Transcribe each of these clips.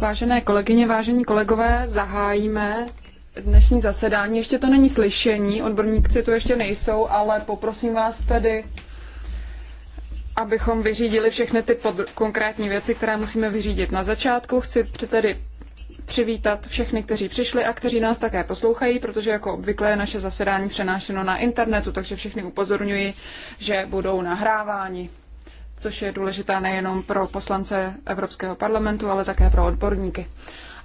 Vážené kolegyně, vážení kolegové, zahájíme dnešní zasedání. Ještě to není slyšení, odborníci tu ještě nejsou, ale poprosím vás tedy, abychom vyřídili všechny ty konkrétní věci, které musíme vyřídit na začátku. Chci tedy přivítat všechny, kteří přišli a kteří nás také poslouchají, protože jako obvykle je naše zasedání přenášeno na internetu, takže všechny upozorňuji, že budou nahráváni což je důležitá nejenom pro poslance Evropského parlamentu, ale také pro odborníky.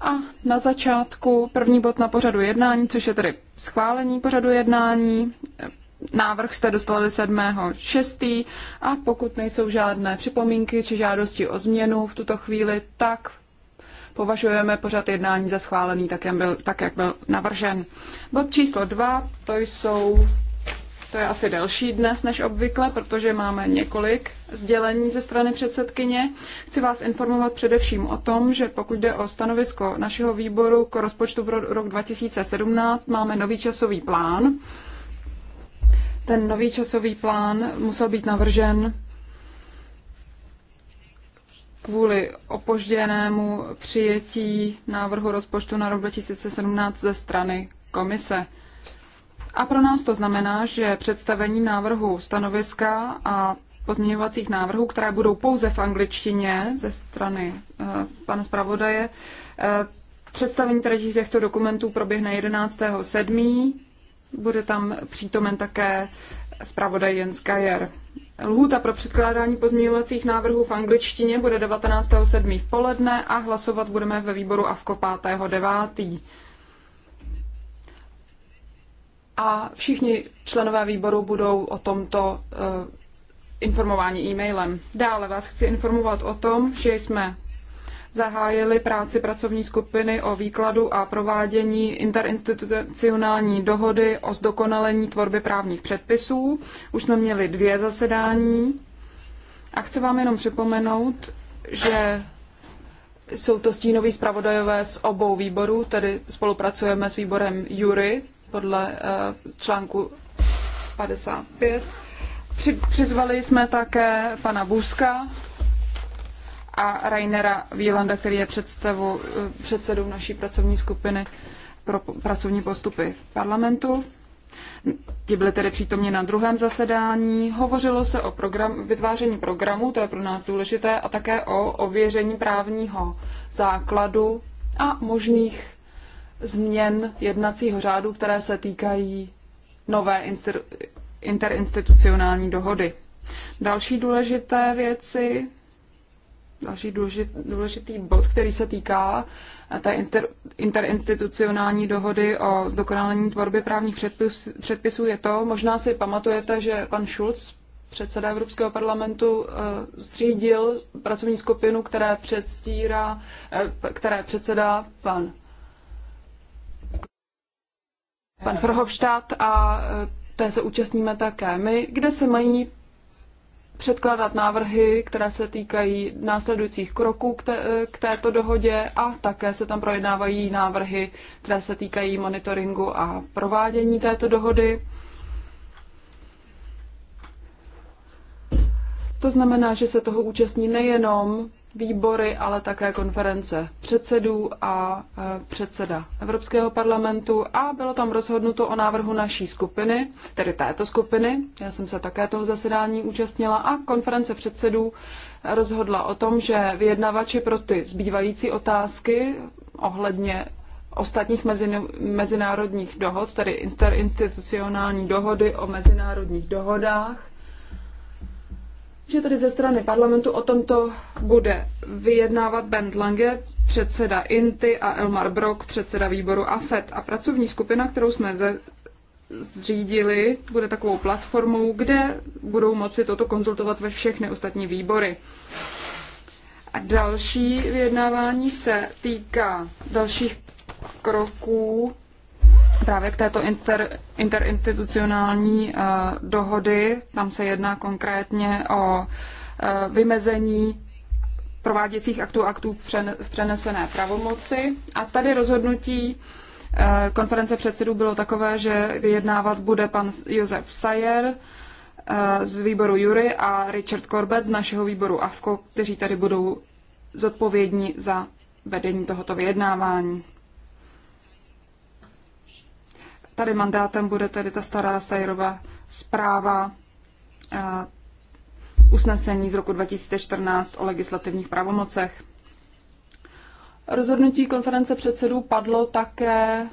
A na začátku první bod na pořadu jednání, což je tedy schválení pořadu jednání. Návrh jste dostali 7.6. a pokud nejsou žádné připomínky či žádosti o změnu v tuto chvíli, tak považujeme pořad jednání za schválený, tak jak byl, tak, jak byl navržen. Bod číslo 2, to jsou to je asi delší dnes než obvykle, protože máme několik sdělení ze strany předsedkyně. Chci vás informovat především o tom, že pokud jde o stanovisko našeho výboru k rozpočtu pro rok 2017, máme nový časový plán. Ten nový časový plán musel být navržen kvůli opožděnému přijetí návrhu rozpočtu na rok 2017 ze strany komise. A pro nás to znamená, že představení návrhu stanoviska a pozměňovacích návrhů, které budou pouze v angličtině ze strany uh, pana zpravodaje, uh, Představení tady těchto dokumentů proběhne 11.7. Bude tam přítomen také zpravodaj Jens Kajer. Lhůta pro předkládání pozměňovacích návrhů v angličtině bude 19.7. v poledne a hlasovat budeme ve výboru AVKO 5.9 a všichni členové výboru budou o tomto eh, informování e-mailem. Dále vás chci informovat o tom, že jsme zahájili práci pracovní skupiny o výkladu a provádění interinstitucionální dohody o zdokonalení tvorby právních předpisů. Už jsme měli dvě zasedání a chci vám jenom připomenout, že jsou to stínoví zpravodajové z obou výborů, tedy spolupracujeme s výborem Jury podle eh, článku 55. Přizvali jsme také pana Buska a Rainera Vílanda, který je představu, eh, předsedou naší pracovní skupiny pro pracovní postupy v parlamentu. Ti byli tedy přítomně na druhém zasedání. Hovořilo se o program, vytváření programu, to je pro nás důležité, a také o ověření právního základu a možných změn jednacího řádu, které se týkají nové interinstitucionální dohody. Další důležité věci, další důležitý bod, který se týká eh, té interinstitucionální dohody o zdokonalení tvorby právních předpisů, je to, možná si pamatujete, že pan Schulz, předseda Evropského parlamentu, eh, zřídil pracovní skupinu, které, předstírá, eh, které předsedá pan pan Frhovštát a e, té se účastníme také my, kde se mají předkládat návrhy, které se týkají následujících kroků k, te, e, k této dohodě a také se tam projednávají návrhy, které se týkají monitoringu a provádění této dohody. To znamená, že se toho účastní nejenom výbory, ale také konference předsedů a e, předseda Evropského parlamentu a bylo tam rozhodnuto o návrhu naší skupiny, tedy této skupiny. Já jsem se také toho zasedání účastnila a konference předsedů rozhodla o tom, že vyjednavači pro ty zbývající otázky ohledně ostatních mezinárodních dohod, tedy interinstitucionální dohody o mezinárodních dohodách, že tady ze strany parlamentu o tomto bude vyjednávat Bernd Lange, předseda INTY a Elmar Brok, předseda výboru AFET. A pracovní skupina, kterou jsme ze, zřídili, bude takovou platformou, kde budou moci toto konzultovat ve všechny ostatní výbory. A další vyjednávání se týká dalších kroků právě k této inter, interinstitucionální eh, dohody. Tam se jedná konkrétně o eh, vymezení prováděcích aktů aktů v přenesené pravomoci. A tady rozhodnutí eh, konference předsedů bylo takové, že vyjednávat bude pan Josef Sayer z výboru Jury a Richard Corbett z našeho výboru AFKO, kteří tady budou zodpovědní za vedení tohoto vyjednávání. Tady mandátem bude tedy ta stará Sajrova zpráva usnesení z roku 2014 o legislativních pravomocech. Rozhodnutí konference předsedů padlo také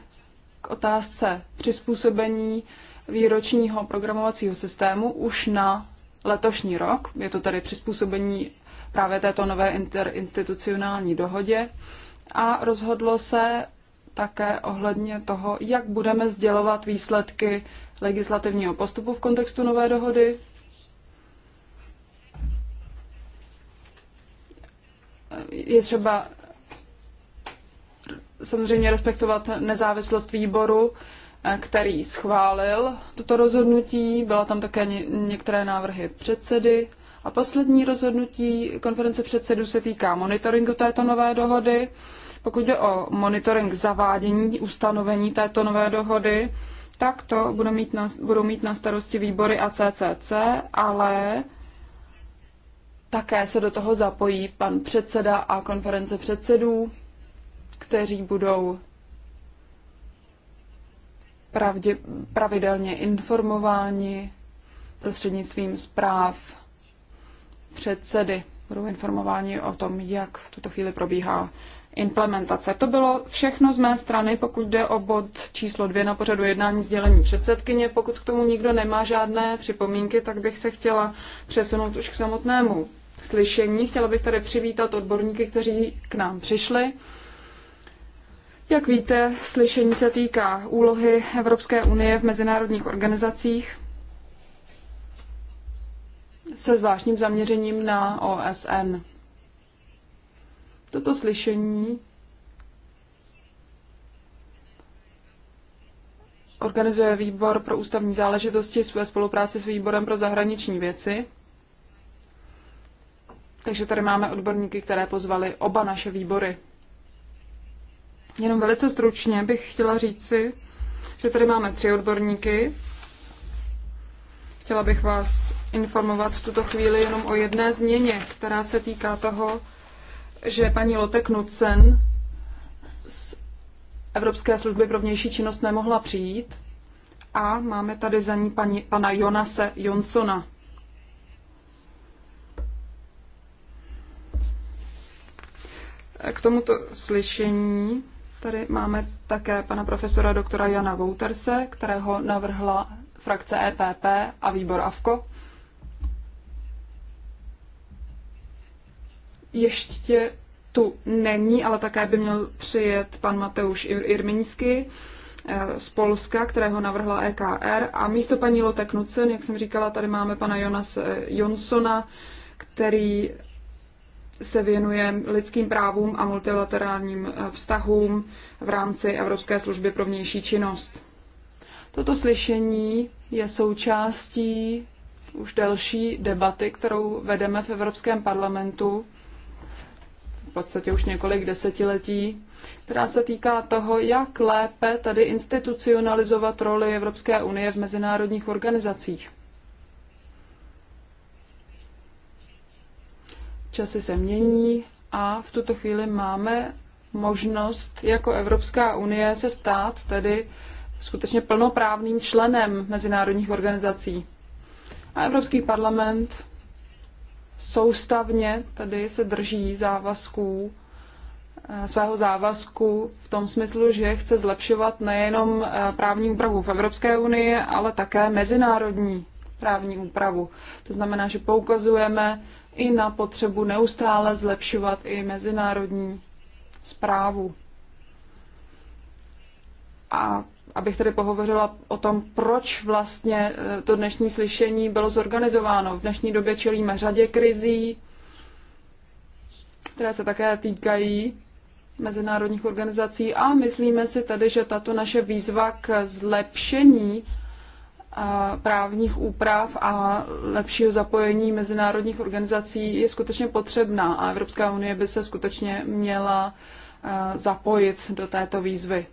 k otázce přizpůsobení výročního programovacího systému už na letošní rok. Je to tedy přizpůsobení právě této nové interinstitucionální dohodě. A rozhodlo se také ohledně toho, jak budeme sdělovat výsledky legislativního postupu v kontextu nové dohody. Je třeba samozřejmě respektovat nezávislost výboru, který schválil toto rozhodnutí. Byla tam také některé návrhy předsedy. A poslední rozhodnutí konference předsedů se týká monitoringu této nové dohody. Pokud jde o monitoring zavádění ustanovení této nové dohody, tak to budou mít na, budou mít na starosti výbory a CCC, ale také se do toho zapojí pan předseda a konference předsedů, kteří budou pravdě, pravidelně informováni prostřednictvím zpráv předsedy. Budou informováni o tom, jak v tuto chvíli probíhá implementace. To bylo všechno z mé strany, pokud jde o bod číslo dvě na pořadu jednání sdělení předsedkyně. Pokud k tomu nikdo nemá žádné připomínky, tak bych se chtěla přesunout už k samotnému slyšení. Chtěla bych tady přivítat odborníky, kteří k nám přišli. Jak víte, slyšení se týká úlohy Evropské unie v mezinárodních organizacích se zvláštním zaměřením na OSN. Toto slyšení organizuje výbor pro ústavní záležitosti ve spolupráci s výborem pro zahraniční věci. Takže tady máme odborníky, které pozvali oba naše výbory. Jenom velice stručně bych chtěla říci, že tady máme tři odborníky. Chtěla bych vás informovat v tuto chvíli jenom o jedné změně, která se týká toho, že paní Lotte Knudsen z Evropské služby pro vnější činnost nemohla přijít a máme tady za ní paní, pana Jonase Jonsona. K tomuto slyšení tady máme také pana profesora doktora Jana Wouterse, kterého navrhla frakce EPP a výbor AVKO. ještě tu není, ale také by měl přijet pan Mateusz Irminsky eh, z Polska, kterého navrhla EKR. A místo paní Lotte Knudsen, jak jsem říkala, tady máme pana Jonas eh, Jonsona, který se věnuje lidským právům a multilaterálním eh, vztahům v rámci Evropské služby pro vnější činnost. Toto slyšení je součástí už další debaty, kterou vedeme v Evropském parlamentu podstatě už několik desetiletí, která se týká toho, jak lépe tady institucionalizovat roli Evropské unie v mezinárodních organizacích. Časy se mění a v tuto chvíli máme možnost jako Evropská unie se stát tedy skutečně plnoprávným členem mezinárodních organizací. A Evropský parlament soustavně tady se drží závazků, eh, svého závazku v tom smyslu, že chce zlepšovat nejenom eh, právní úpravu v Evropské unii, ale také mezinárodní právní úpravu. To znamená, že poukazujeme i na potřebu neustále zlepšovat i mezinárodní zprávu. A abych tedy pohovořila o tom, proč vlastně eh, to dnešní slyšení bylo zorganizováno. V dnešní době čelíme řadě krizí, které se také týkají mezinárodních organizací a myslíme si tedy, že tato naše výzva k zlepšení eh, právních úprav a lepšího zapojení mezinárodních organizací je skutečně potřebná a Evropská unie by se skutečně měla eh, zapojit do této výzvy.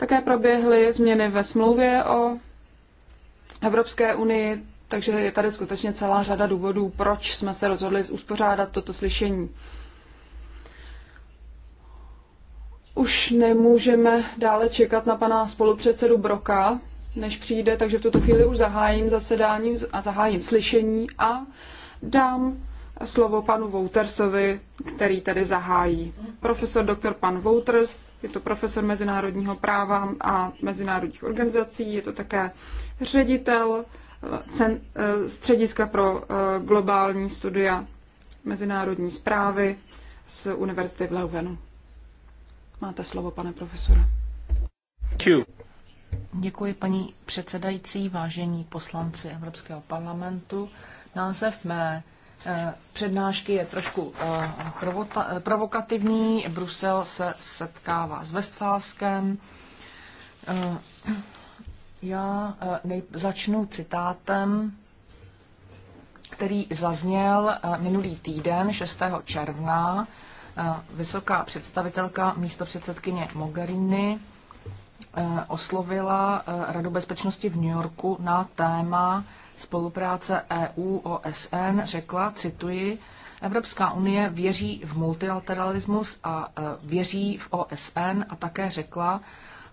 Také proběhly změny ve smlouvě o Evropské unii, takže je tady skutečně celá řada důvodů, proč jsme se rozhodli uspořádat toto slyšení. Už nemůžeme dále čekat na pana spolupředsedu Broka, než přijde, takže v tuto chvíli už zahájím zasedání a zahájím slyšení a dám slovo panu Woutersovi, který tady zahájí. Profesor doktor pan Wouters, je to profesor mezinárodního práva a mezinárodních organizací, je to také ředitel eh, cen, eh, střediska pro eh, globální studia mezinárodní zprávy z Univerzity v Leuvenu. Máte slovo, pane profesore. Q. Děkuji, paní předsedající, vážení poslanci Evropského parlamentu. Název mé Eh, přednášky je trošku eh, eh, provokativní. Brusel se setkává s Westfalskem. Já začnu citátem, který zazněl minulý týden, 6. června. Vysoká představitelka místo předsedkyně Mogherini oslovila Radu bezpečnosti v New Yorku na téma spolupráce EU-OSN řekla, cituji, Evropská unie věří v multilateralismus a e, věří v OSN a také řekla,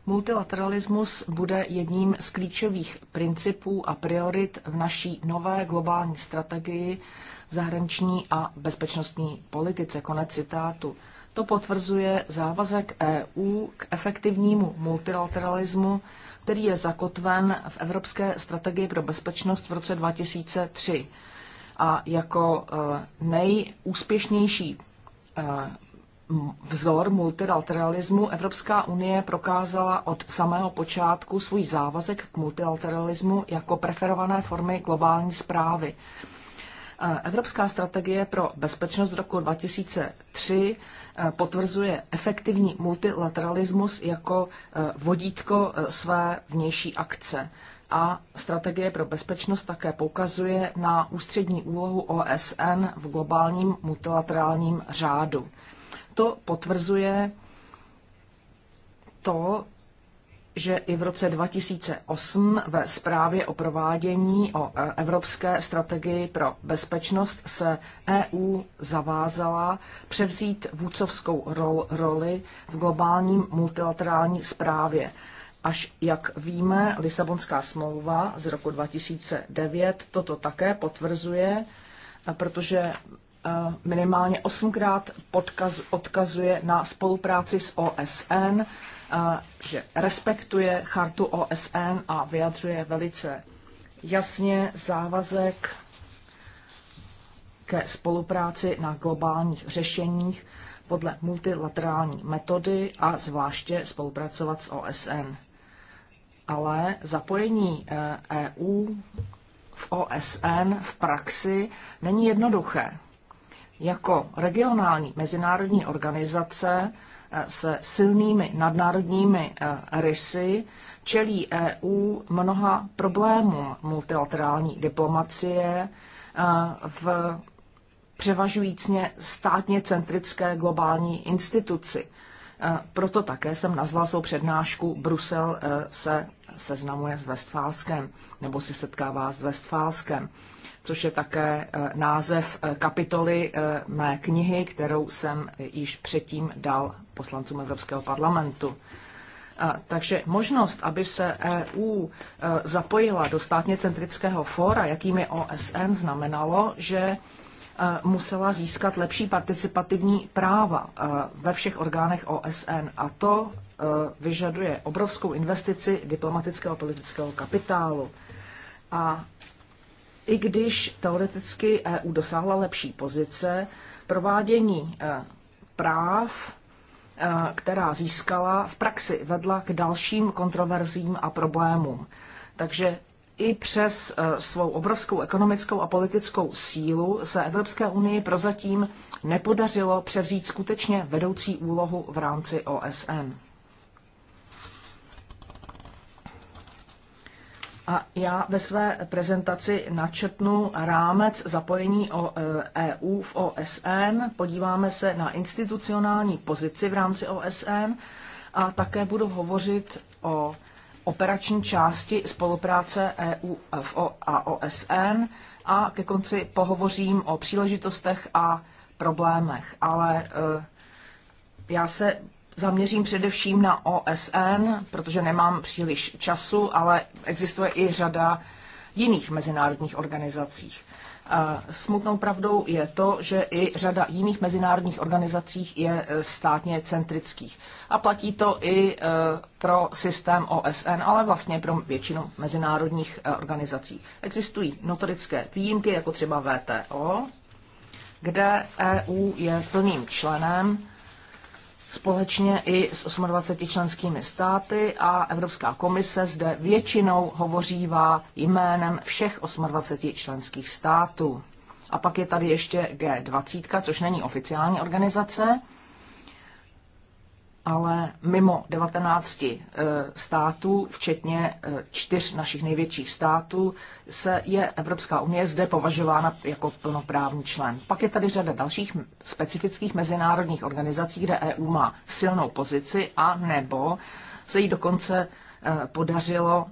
multilateralismus bude jedním z klíčových principů a priorit v naší nové globální strategii zahraniční a bezpečnostní politice. Konec citátu. To potvrzuje závazek EU k efektivnímu multilateralismu který je zakotven v Evropské strategii pro bezpečnost v roce 2003. A jako eh, nejúspěšnější eh, vzor multilateralismu Evropská unie prokázala od samého počátku svůj závazek k multilateralismu jako preferované formy globální zprávy. Evropská strategie pro bezpečnost roku 2003 eh, potvrzuje efektivní multilateralismus jako eh, vodítko eh, své vnější akce. A strategie pro bezpečnost také poukazuje na ústřední úlohu OSN v globálním multilaterálním řádu. To potvrzuje to, že i v roce 2008 ve zprávě o provádění o e, Evropské strategii pro bezpečnost se EU zavázala převzít rol, roli v globálním multilaterální zprávě. Až jak víme, Lisabonská smlouva z roku 2009 toto také potvrzuje, protože Eh, minimálně osmkrát podkaz, odkazuje na spolupráci s OSN, eh, že respektuje chartu OSN a vyjadřuje velice jasně závazek ke spolupráci na globálních řešeních podle multilaterální metody a zvláště spolupracovat s OSN. Ale zapojení EU eh, e v OSN v praxi není jednoduché jako regionální mezinárodní organizace eh, se silnými nadnárodními eh, rysy čelí EU mnoha problémům multilaterální diplomacie eh, v převažujícně státně centrické globální instituci. Proto také jsem nazval svou přednášku Brusel se seznamuje s Westfálskem, nebo si setkává s Westfálskem což je také eh, název eh, kapitoly eh, mé knihy, kterou jsem již předtím dal poslancům Evropského parlamentu. Takže možnost, aby se EU zapojila do státně centrického fóra, jakým je OSN, znamenalo, že musela získat lepší participativní práva ve všech orgánech OSN. A to vyžaduje obrovskou investici diplomatického a politického kapitálu. A i když teoreticky EU dosáhla lepší pozice, provádění eh, práv, eh, která získala, v praxi vedla k dalším kontroverzím a problémům. Takže i přes eh, svou obrovskou ekonomickou a politickou sílu se Evropské unii prozatím nepodařilo převzít skutečně vedoucí úlohu v rámci OSN. A já ve své prezentaci načrtnu rámec zapojení o EU e v OSN, podíváme se na institucionální pozici v rámci OSN a také budu hovořit o operační části spolupráce EU a OSN a ke konci pohovořím o příležitostech a problémech. Ale e, já se zaměřím především na OSN, protože nemám příliš času, ale existuje i řada jiných mezinárodních organizací. Eh, smutnou pravdou je to, že i řada jiných mezinárodních organizací je eh, státně centrických. A platí to i eh, pro systém OSN, ale vlastně pro většinu mezinárodních organizací. Existují notorické výjimky, jako třeba VTO, kde EU je plným členem společně i s 28 členskými státy a Evropská komise zde většinou hovořívá jménem všech 28 členských států. A pak je tady ještě G20, což není oficiální organizace, ale mimo 19 eh, států, včetně eh, čtyř našich největších států, se je Evropská unie zde považována jako plnoprávný člen. Pak je tady řada dalších specifických mezinárodních organizací, kde EU má silnou pozici a nebo se jí dokonce eh, podařilo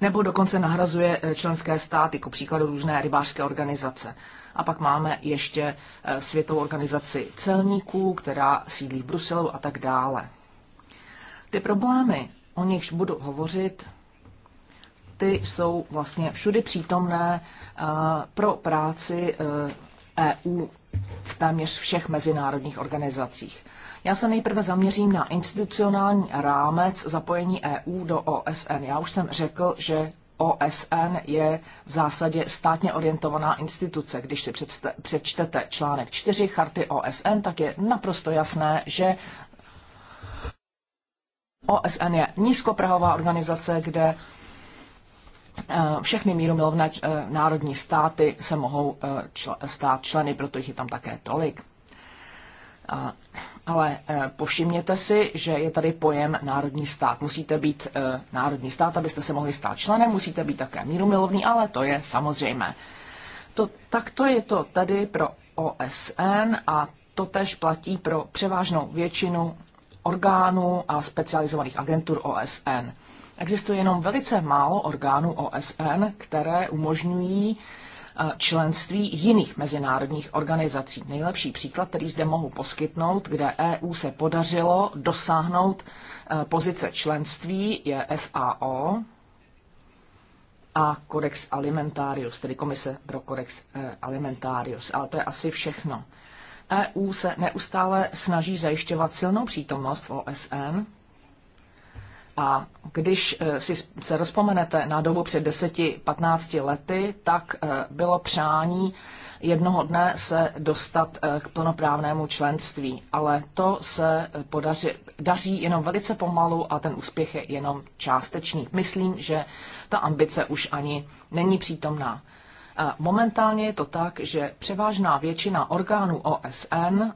nebo dokonce nahrazuje členské státy, jako příkladu různé rybářské organizace. A pak máme ještě eh, Světovou organizaci celníků, která sídlí v Bruselu a tak dále. Ty problémy, o nichž budu hovořit, ty jsou vlastně všudy přítomné eh, pro práci EU eh, e v téměř všech mezinárodních organizacích. Já se nejprve zaměřím na institucionální rámec zapojení EU do OSN. Já už jsem řekl, že OSN je v zásadě státně orientovaná instituce. Když si přečtete článek 4 charty OSN, tak je naprosto jasné, že OSN je nízkoprahová organizace, kde eh, všechny mírumilovné eh, národní státy se mohou eh, stát členy, proto jich je tam také tolik. Ale e, povšimněte si, že je tady pojem národní stát. Musíte být e, národní stát, abyste se mohli stát členem, musíte být také mírumilovný, ale to je samozřejmé. To, tak to je to tady pro OSN a to tež platí pro převážnou většinu orgánů a specializovaných agentur OSN. Existuje jenom velice málo orgánů OSN, které umožňují členství jiných mezinárodních organizací. Nejlepší příklad, který zde mohu poskytnout, kde EU se podařilo dosáhnout e, pozice členství, je FAO a Codex Alimentarius, tedy Komise pro Codex e, Alimentarius. Ale to je asi všechno. EU se neustále snaží zajišťovat silnou přítomnost v OSN, a když eh, si se rozpomenete na dobu před 10-15 lety, tak eh, bylo přání jednoho dne se dostat eh, k plnoprávnému členství. Ale to se podaří, daří jenom velice pomalu a ten úspěch je jenom částečný. Myslím, že ta ambice už ani není přítomná. Momentálně je to tak, že převážná většina orgánů OSN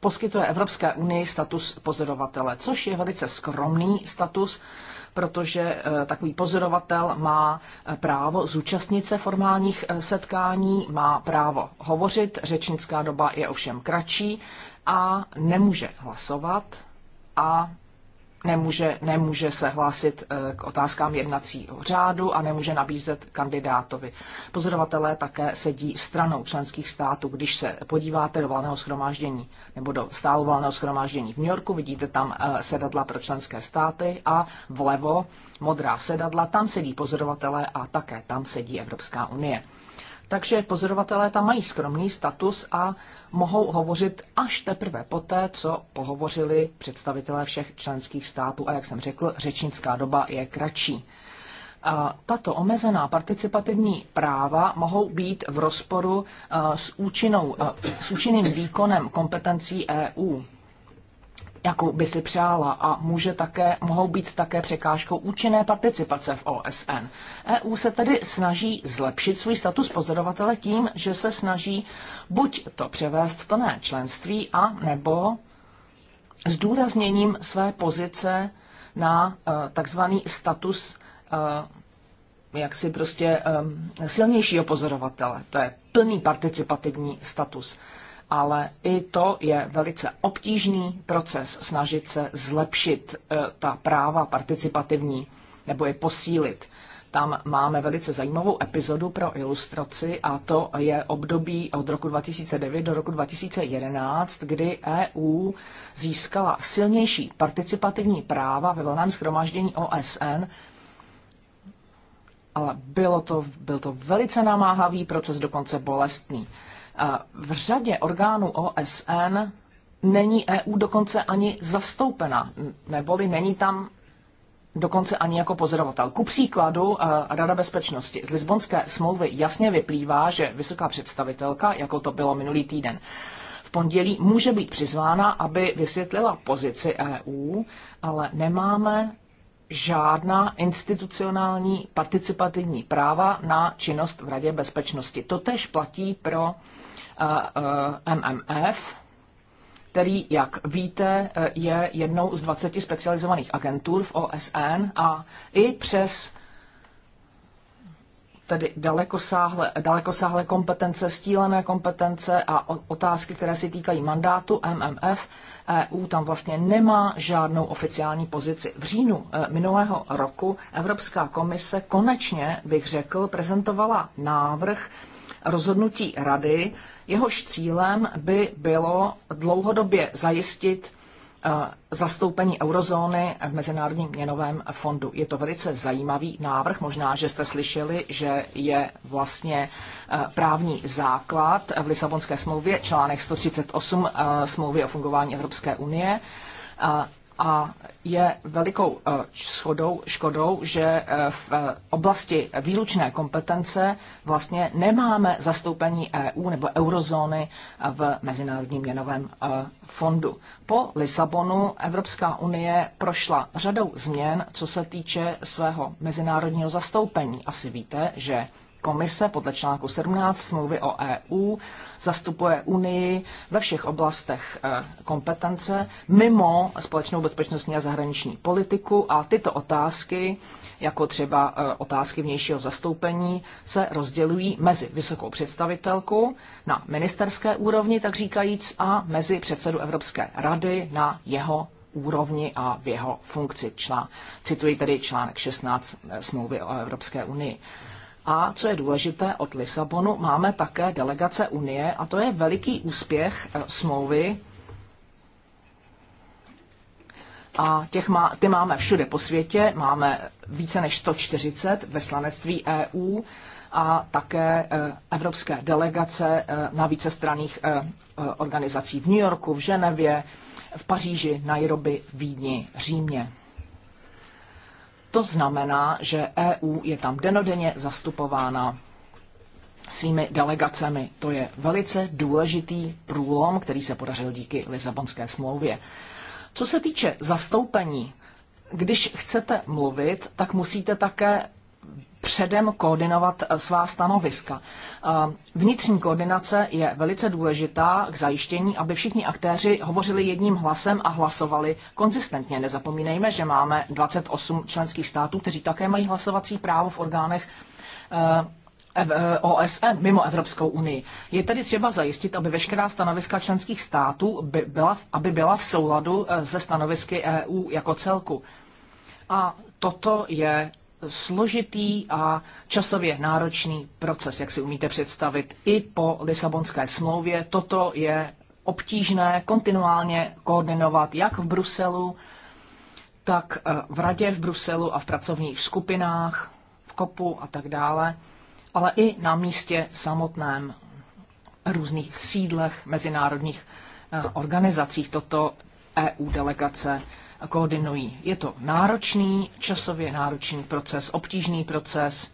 poskytuje Evropské unii status pozorovatele, což je velice skromný status, protože eh, takový pozorovatel má eh, právo zúčastnit se formálních eh, setkání, má právo hovořit, řečnická doba je ovšem kratší a nemůže hlasovat a nemůže, nemůže se hlásit eh, k otázkám jednacího řádu a nemůže nabízet kandidátovi. Pozorovatelé také sedí stranou členských států. Když se podíváte do valného schromáždění nebo do stálu valného schromáždění v New Yorku, vidíte tam eh, sedadla pro členské státy a vlevo modrá sedadla, tam sedí pozorovatelé a také tam sedí Evropská unie. Takže pozorovatelé tam mají skromný status a mohou hovořit až teprve poté, co pohovořili představitelé všech členských států. A jak jsem řekl, řečnická doba je kratší. A tato omezená participativní práva mohou být v rozporu s, účinou, s účinným výkonem kompetencí EU jakou by si přála a může také, mohou být také překážkou účinné participace v OSN. EU se tedy snaží zlepšit svůj status pozorovatele tím, že se snaží buď to převést v plné členství a nebo zdůrazněním své pozice na e, takzvaný status e, jak si prostě um, silnějšího pozorovatele. To je plný participativní status ale i to je velice obtížný proces snažit se zlepšit e, ta práva participativní nebo je posílit. Tam máme velice zajímavou epizodu pro ilustraci a to je období od roku 2009 do roku 2011, kdy EU získala silnější participativní práva ve velném schromáždění OSN, ale bylo to, byl to velice namáhavý proces, dokonce bolestný. V řadě orgánů OSN není EU dokonce ani zastoupena, neboli není tam dokonce ani jako pozorovatel. Ku příkladu eh, Rada bezpečnosti. Z Lisbonské smlouvy jasně vyplývá, že vysoká představitelka, jako to bylo minulý týden, v pondělí může být přizvána, aby vysvětlila pozici EU, ale nemáme žádná institucionální participativní práva na činnost v Radě bezpečnosti. Totež platí pro MMF, který, jak víte, je jednou z 20 specializovaných agentur v OSN a i přes tedy dalekosáhlé, dalekosáhlé kompetence, stílené kompetence a otázky, které se týkají mandátu MMF, EU tam vlastně nemá žádnou oficiální pozici. V říjnu e, minulého roku Evropská komise konečně, bych řekl, prezentovala návrh rozhodnutí rady, jehož cílem by bylo dlouhodobě zajistit eh, zastoupení eurozóny v Mezinárodním měnovém fondu. Je to velice zajímavý návrh, možná, že jste slyšeli, že je vlastně eh, právní základ v Lisabonské smlouvě, článek 138 eh, smlouvy o fungování Evropské unie a je velikou eh, schodou, škodou, že eh, v oblasti výlučné kompetence vlastně nemáme zastoupení EU nebo eurozóny v Mezinárodním měnovém eh, fondu. Po Lisabonu Evropská unie prošla řadou změn, co se týče svého mezinárodního zastoupení. Asi víte, že Komise podle článku 17 smlouvy o EU zastupuje Unii ve všech oblastech eh, kompetence mimo společnou bezpečnostní a zahraniční politiku a tyto otázky, jako třeba eh, otázky vnějšího zastoupení, se rozdělují mezi vysokou představitelku na ministerské úrovni, tak říkajíc, a mezi předsedu Evropské rady na jeho úrovni a v jeho funkci. Člán, cituji tedy článek 16 eh, smlouvy o Evropské unii. A co je důležité, od Lisabonu máme také delegace Unie a to je veliký úspěch eh, smlouvy. A těch má, ty máme všude po světě, máme více než 140 veslanectví EU a také eh, evropské delegace eh, na vícestranných organizací v New Yorku, v Ženevě, v Paříži, Nairobi, Vídni, Římě. To znamená, že EU je tam denodenně zastupována svými delegacemi. To je velice důležitý průlom, který se podařil díky Lisabonské smlouvě. Co se týče zastoupení, když chcete mluvit, tak musíte také předem koordinovat eh, svá stanoviska. Eh, vnitřní koordinace je velice důležitá k zajištění, aby všichni aktéři hovořili jedním hlasem a hlasovali konzistentně. Nezapomínejme, že máme 28 členských států, kteří také mají hlasovací právo v orgánech eh, OSN mimo Evropskou unii. Je tedy třeba zajistit, aby veškerá stanoviska členských států by byla, aby byla v souladu se stanovisky EU jako celku. A toto je složitý a časově náročný proces, jak si umíte představit. I po Lisabonské smlouvě toto je obtížné kontinuálně koordinovat jak v Bruselu, tak eh, v radě v Bruselu a v pracovních skupinách, v kopu a tak dále, ale i na místě samotném různých sídlech mezinárodních eh, organizacích toto EU delegace koordinují. Je to náročný, časově náročný proces, obtížný proces,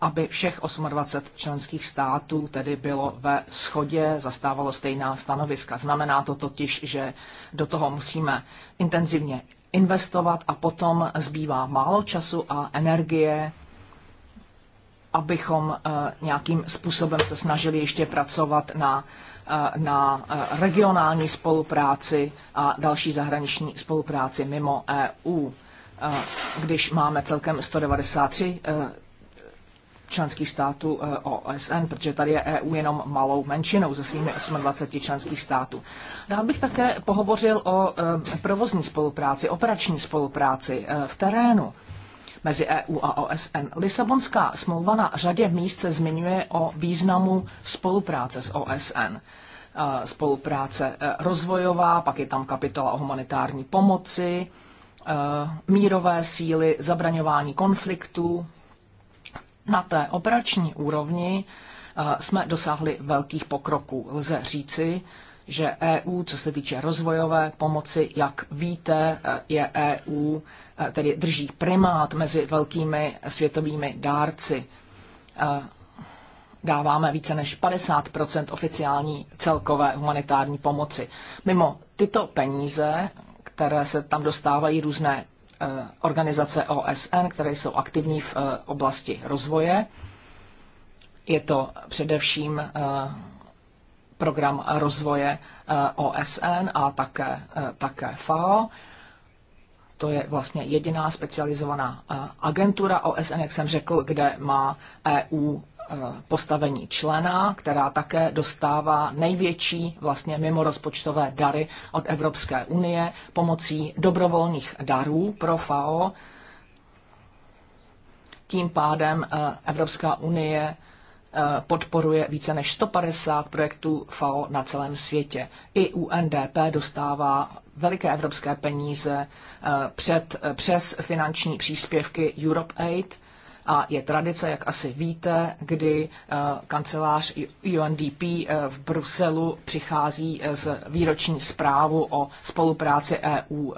aby všech 28 členských států tedy bylo ve schodě, zastávalo stejná stanoviska. Znamená to totiž, že do toho musíme intenzivně investovat a potom zbývá málo času a energie, abychom eh, nějakým způsobem se snažili ještě pracovat na na regionální spolupráci a další zahraniční spolupráci mimo EU, když máme celkem 193 e, členských států e, OSN, protože tady je EU jenom malou menšinou ze svými 28 členských států. Rád no, bych také pohovořil o e, provozní spolupráci, operační spolupráci v terénu mezi EU a OSN. Lisabonská smlouva na řadě míst se zmiňuje o významu spolupráce s OSN e, spolupráce e, rozvojová, pak je tam kapitola o humanitární pomoci, e, mírové síly, zabraňování konfliktů. Na té operační úrovni jsme dosáhli velkých pokroků. Lze říci, že EU, co se týče rozvojové pomoci, jak víte, je EU, tedy drží primát mezi velkými světovými dárci. Dáváme více než 50 oficiální celkové humanitární pomoci. Mimo tyto peníze, které se tam dostávají různé eh, organizace OSN, které jsou aktivní v eh, oblasti rozvoje, je to především eh, program rozvoje eh, OSN a také, eh, také FAO. To je vlastně jediná specializovaná eh, agentura OSN, jak jsem řekl, kde má EU postavení člena, která také dostává největší vlastně mimo rozpočtové dary od Evropské unie pomocí dobrovolných darů pro FAO. Tím pádem Evropská unie Eh, podporuje více než 150 projektů FAO na celém světě. I UNDP dostává veliké evropské peníze eh, před, eh, přes finanční příspěvky EuropeAid a je tradice, jak asi víte, kdy kancelář UNDP v Bruselu přichází s výroční zprávu o spolupráci EU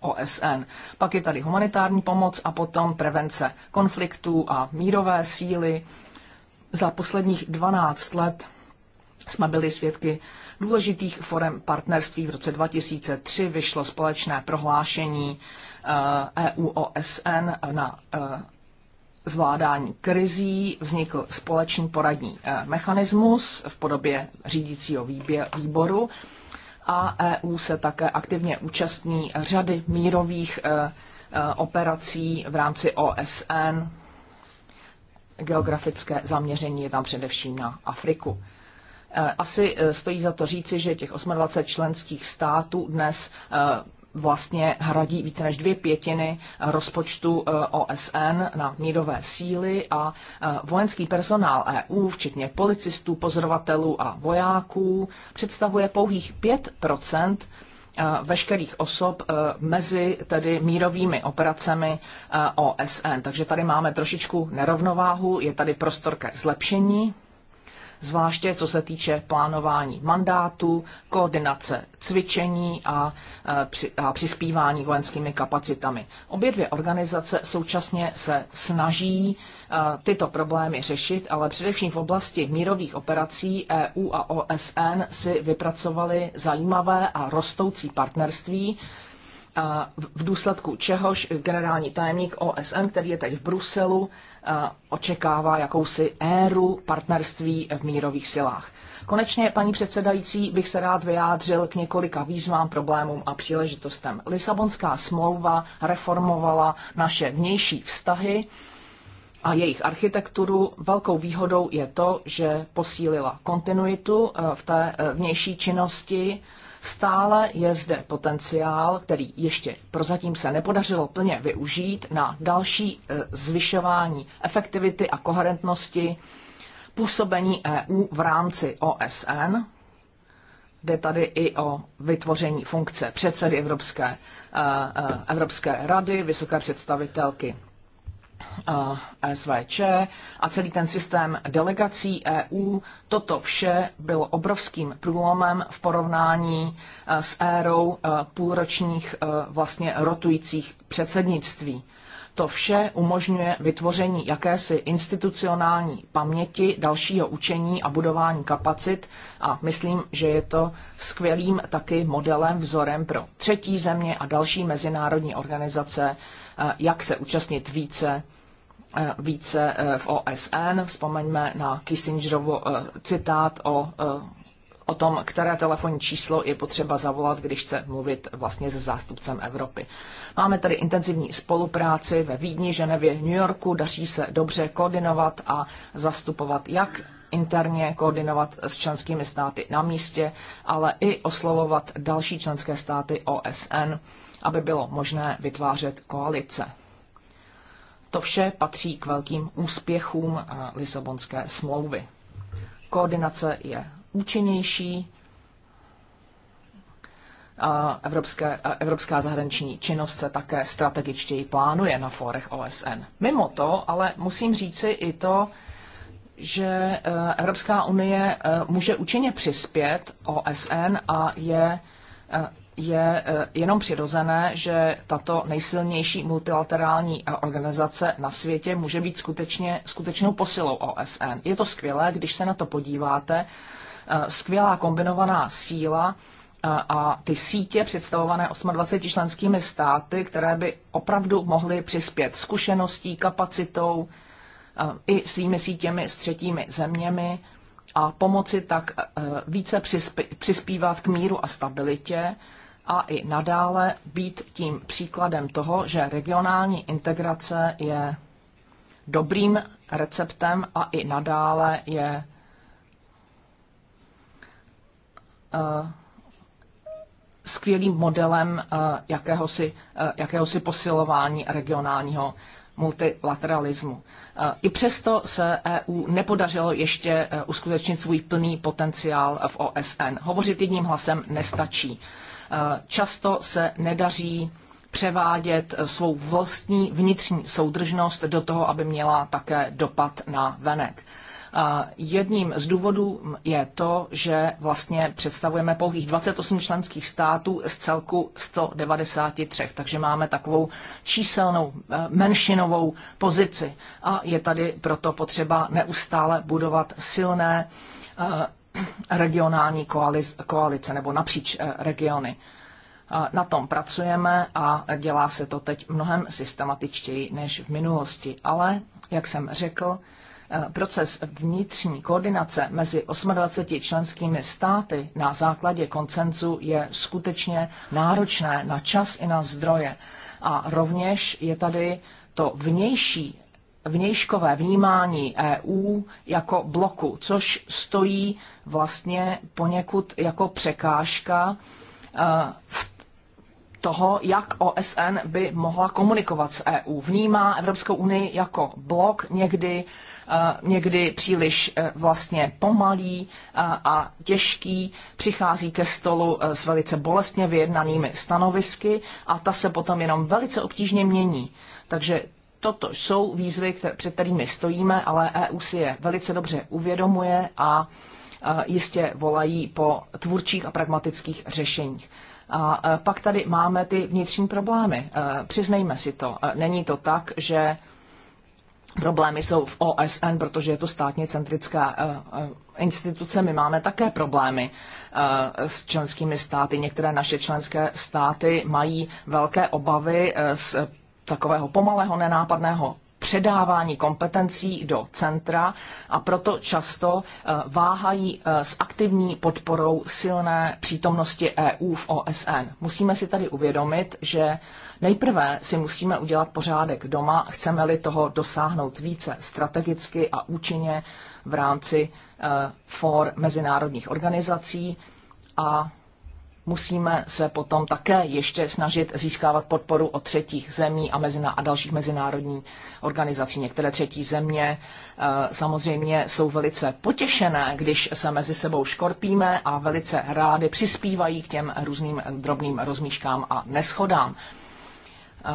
OSN. Pak je tady humanitární pomoc a potom prevence konfliktů a mírové síly za posledních 12 let jsme byli svědky důležitých forem partnerství. V roce 2003 vyšlo společné prohlášení EU-OSN eh, e na eh, zvládání krizí vznikl společný poradní eh, mechanismus v podobě řídícího výboru a EU se také aktivně účastní řady mírových operací v rámci OSN geografické zaměření je tam především na Afriku. Eh, asi eh, stojí za to říci, že těch 28 členských států dnes eh, vlastně hradí více než dvě pětiny rozpočtu OSN na mírové síly a vojenský personál EU, včetně policistů, pozorovatelů a vojáků, představuje pouhých 5 Eh, veškerých osob eh, mezi tedy mírovými operacemi eh, OSN. Takže tady máme trošičku nerovnováhu, je tady prostor ke zlepšení zvláště co se týče plánování mandátu, koordinace cvičení a, e, a přispívání vojenskými kapacitami. Obě dvě organizace současně se snaží e, tyto problémy řešit, ale především v oblasti mírových operací EU a OSN si vypracovali zajímavé a rostoucí partnerství, v důsledku čehož generální tajemník OSN, který je teď v Bruselu, očekává jakousi éru partnerství v mírových silách. Konečně, paní předsedající, bych se rád vyjádřil k několika výzvám, problémům a příležitostem. Lisabonská smlouva reformovala naše vnější vztahy a jejich architekturu. Velkou výhodou je to, že posílila kontinuitu v té vnější činnosti, Stále je zde potenciál, který ještě prozatím se nepodařilo plně využít na další e, zvyšování efektivity a koherentnosti působení EU v rámci OSN. Jde tady i o vytvoření funkce předsedy Evropské, e, e, Evropské rady, vysoké představitelky Eh, SVČ a celý ten systém delegací EU. Toto vše bylo obrovským průlomem v porovnání eh, s érou eh, půlročních vlastně rotujících předsednictví. To vše umožňuje vytvoření jakési institucionální paměti, dalšího učení a budování kapacit a myslím, že je to skvělým taky modelem, vzorem pro třetí země a další mezinárodní organizace, Eh, jak se účastnit více eh, více eh, v OSN. Vzpomeňme na Kissingerovo citát o, o tom, které telefonní číslo je potřeba zavolat, když chce mluvit vlastně se zástupcem Evropy. Máme tady intenzivní spolupráci ve Vídni, Ženevě, New Yorku. Daří se dobře koordinovat a zastupovat jak interně koordinovat s členskými státy na místě, ale i oslovovat další členské státy OSN aby bylo možné vytvářet koalice. To vše patří k velkým úspěchům Lisabonské smlouvy. Koordinace je účinnější, Evropské, evropská zahraniční činnost se také strategičtěji plánuje na fórech OSN. Mimo to, ale musím říci i to, že e, Evropská unie e, může účinně přispět OSN a je e, je eh, jenom přirozené, že tato nejsilnější multilaterální eh, organizace na světě může být skutečně, skutečnou posilou OSN. Je to skvělé, když se na to podíváte. Eh, skvělá kombinovaná síla a ty sítě představované 28 členskými státy, které by opravdu mohly přispět zkušeností, kapacitou i svými sítěmi s třetími zeměmi a pomoci tak více přispívat k míru a stabilitě a i nadále být tím příkladem toho, že regionální integrace je dobrým receptem a i nadále je eh, skvělým modelem eh, jakéhosi, eh, jakéhosi posilování regionálního multilateralismu. I přesto se EU nepodařilo ještě uskutečnit svůj plný potenciál v OSN. Hovořit jedním hlasem nestačí často se nedaří převádět svou vlastní vnitřní soudržnost do toho, aby měla také dopad na venek. Jedním z důvodů je to, že vlastně představujeme pouhých 28 členských států z celku 193, takže máme takovou číselnou eh, menšinovou pozici a je tady proto potřeba neustále budovat silné eh, regionální koalice, nebo napříč eh, regiony. Na tom pracujeme a dělá se to teď mnohem systematičtěji než v minulosti. Ale, jak jsem řekl, eh, proces vnitřní koordinace mezi 28 členskými státy na základě koncenzu je skutečně náročné na čas i na zdroje. A rovněž je tady to vnější vnějškové vnímání EU jako bloku, což stojí vlastně poněkud jako překážka eh, v toho, jak OSN by mohla komunikovat s EU. Vnímá Evropskou unii jako blok, někdy, eh, někdy příliš eh, vlastně pomalý a těžký, přichází ke stolu s velice bolestně vyjednanými stanovisky a ta se potom jenom velice obtížně mění. Takže toto jsou výzvy, které, před kterými stojíme, ale EU si je velice dobře uvědomuje a jistě volají po tvůrčích a pragmatických řešeních. A pak tady máme ty vnitřní problémy. E, přiznejme si to. E, není to tak, že problémy jsou v OSN, protože je to státně centrická e, instituce. My máme také problémy s členskými státy. Některé naše členské státy mají velké obavy z takového pomalého, nenápadného předávání kompetencí do centra a proto často eh, váhají eh, s aktivní podporou silné přítomnosti EU v OSN. Musíme si tady uvědomit, že nejprve si musíme udělat pořádek doma, chceme-li toho dosáhnout více strategicky a účinně v rámci eh, for mezinárodních organizací a musíme se potom také ještě snažit získávat podporu od třetích zemí a, mezina, a dalších mezinárodních organizací. Některé třetí země eh, samozřejmě jsou velice potěšené, když se mezi sebou škorpíme a velice rády přispívají k těm různým drobným rozmíškám a neschodám. Eh,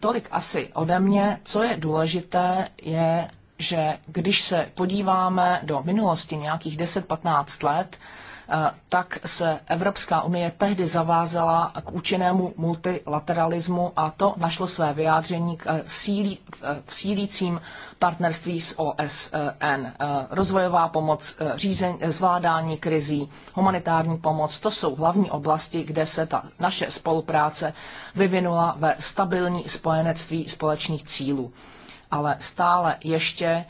tolik asi ode mě. Co je důležité, je, že když se podíváme do minulosti nějakých 10-15 let, Eh, tak se Evropská unie tehdy zavázala k účinnému multilateralismu a to našlo své vyjádření k eh, sílí, v eh, sílícím partnerství s OSN. Rozvojová pomoc, řízení, zvládání krizí, humanitární pomoc, to jsou hlavní oblasti, kde se ta naše spolupráce vyvinula ve stabilní spojenectví společných cílů. Ale stále ještě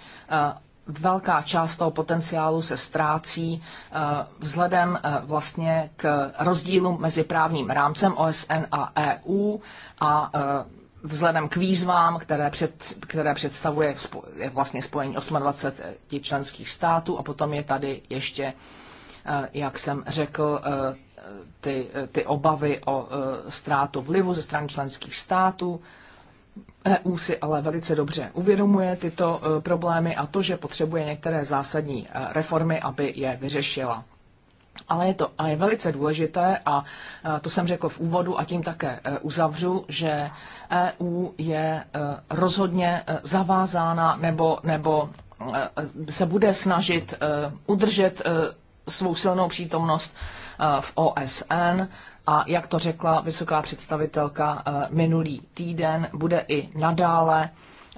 velká část toho potenciálu se ztrácí eh, vzhledem eh, vlastně k rozdílům mezi právním rámcem OSN a EU a eh, vzhledem k výzvám, které, před, které představuje vlastně spojení 28 členských států a potom je tady ještě, jak jsem řekl, ty, ty obavy o ztrátu vlivu ze strany členských států EU si ale velice dobře uvědomuje tyto e, problémy a to, že potřebuje některé zásadní e, reformy, aby je vyřešila. Ale je to a je velice důležité, a e, to jsem řekl v úvodu a tím také uzavřu, že EU je rozhodně zavázána nebo, nebo se bude snažit udržet svou silnou přítomnost Eh, v OSN a jak to řekla vysoká představitelka eh, minulý týden, bude i nadále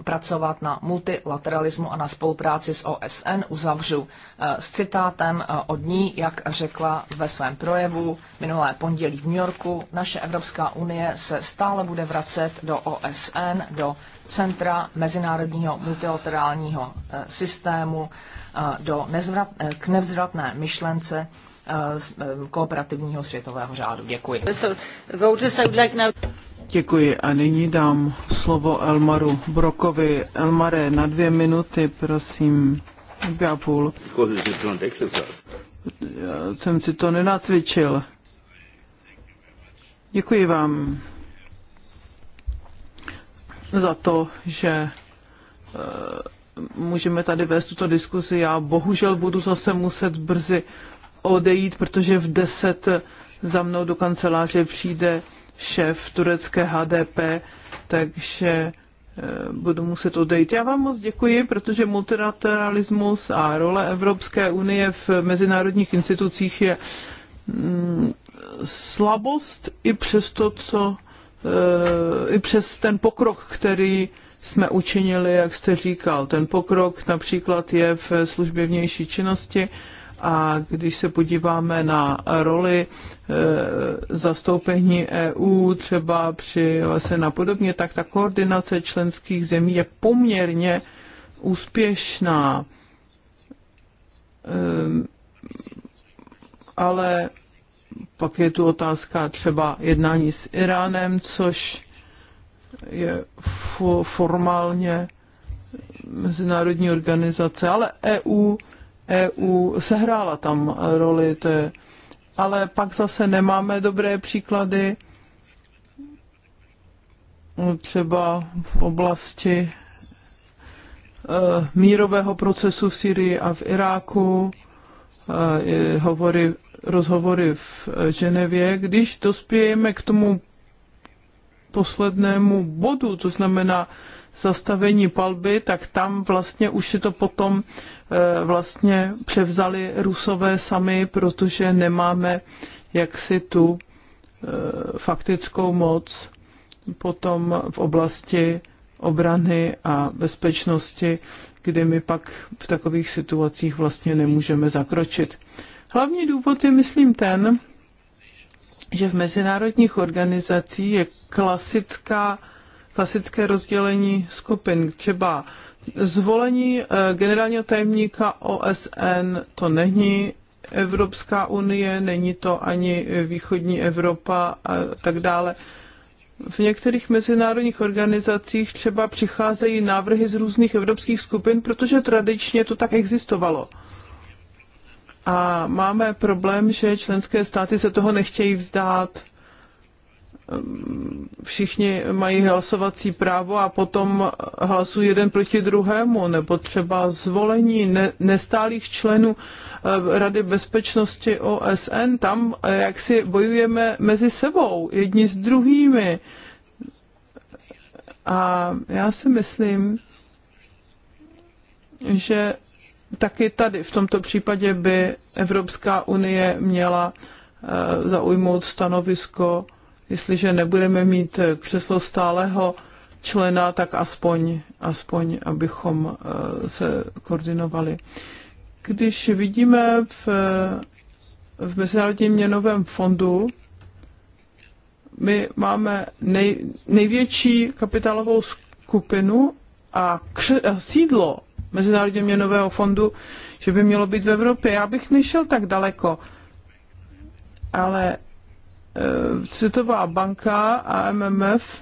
pracovat na multilateralismu a na spolupráci s OSN. Uzavřu eh, s citátem od ní, jak řekla ve svém projevu minulé pondělí v New Yorku. Naše Evropská unie se stále bude vracet do OSN, do centra mezinárodního multilaterálního systému, do nezvrat, k nevzvratné myšlence Eh, kooperativního světového řádu. Děkuji. Děkuji a nyní dám slovo Elmaru Brokovi. Elmare, na dvě minuty, prosím, dvě a půl. Já jsem si to nenacvičil. Děkuji vám za to, že eh, můžeme tady vést tuto diskuzi. Já bohužel budu zase muset brzy odejít, protože v 10 za mnou do kanceláře přijde šéf turecké HDP, takže eh, budu muset odejít. Já vám moc děkuji, protože multilateralismus a role Evropské unie v mezinárodních institucích je mm, slabost i přes to, co eh, i přes ten pokrok, který jsme učinili, jak jste říkal. Ten pokrok například je v službě vnější činnosti, a když se podíváme na roli eh, zastoupení EU, třeba při se napodobně, tak ta koordinace členských zemí je poměrně úspěšná. Ehm, ale pak je tu otázka třeba jednání s Iránem, což je formálně mezinárodní organizace, ale EU EU sehrála tam roli, to je, ale pak zase nemáme dobré příklady no, třeba v oblasti e, mírového procesu v Syrii a v Iráku, e, hovory, rozhovory v Ženevě, když dospějeme k tomu poslednému bodu, to znamená zastavení palby, tak tam vlastně už si to potom eh, vlastně převzali rusové sami, protože nemáme jaksi tu eh, faktickou moc potom v oblasti obrany a bezpečnosti, kdy my pak v takových situacích vlastně nemůžeme zakročit. Hlavní důvod je, myslím, ten, že v mezinárodních organizacích je klasická klasické rozdělení skupin. Třeba zvolení eh, generálního tajemníka OSN to není Evropská unie, není to ani východní Evropa a tak dále. V některých mezinárodních organizacích třeba přicházejí návrhy z různých evropských skupin, protože tradičně to tak existovalo. A máme problém, že členské státy se toho nechtějí vzdát všichni mají hlasovací právo a potom hlasují jeden proti druhému, nebo třeba zvolení ne, nestálých členů eh, Rady bezpečnosti OSN, tam eh, jak si bojujeme mezi sebou, jedni s druhými. A já si myslím, že taky tady v tomto případě by Evropská unie měla eh, zaujmout stanovisko jestliže nebudeme mít eh, křeslo stáleho člena, tak aspoň, aspoň abychom eh, se koordinovali. Když vidíme v, eh, v Mezinárodním měnovém fondu, my máme nej, největší kapitálovou skupinu a, kře, a sídlo Mezinárodního měnového fondu, že by mělo být v Evropě. Já bych nešel tak daleko, ale Eh, Světová banka a MMF,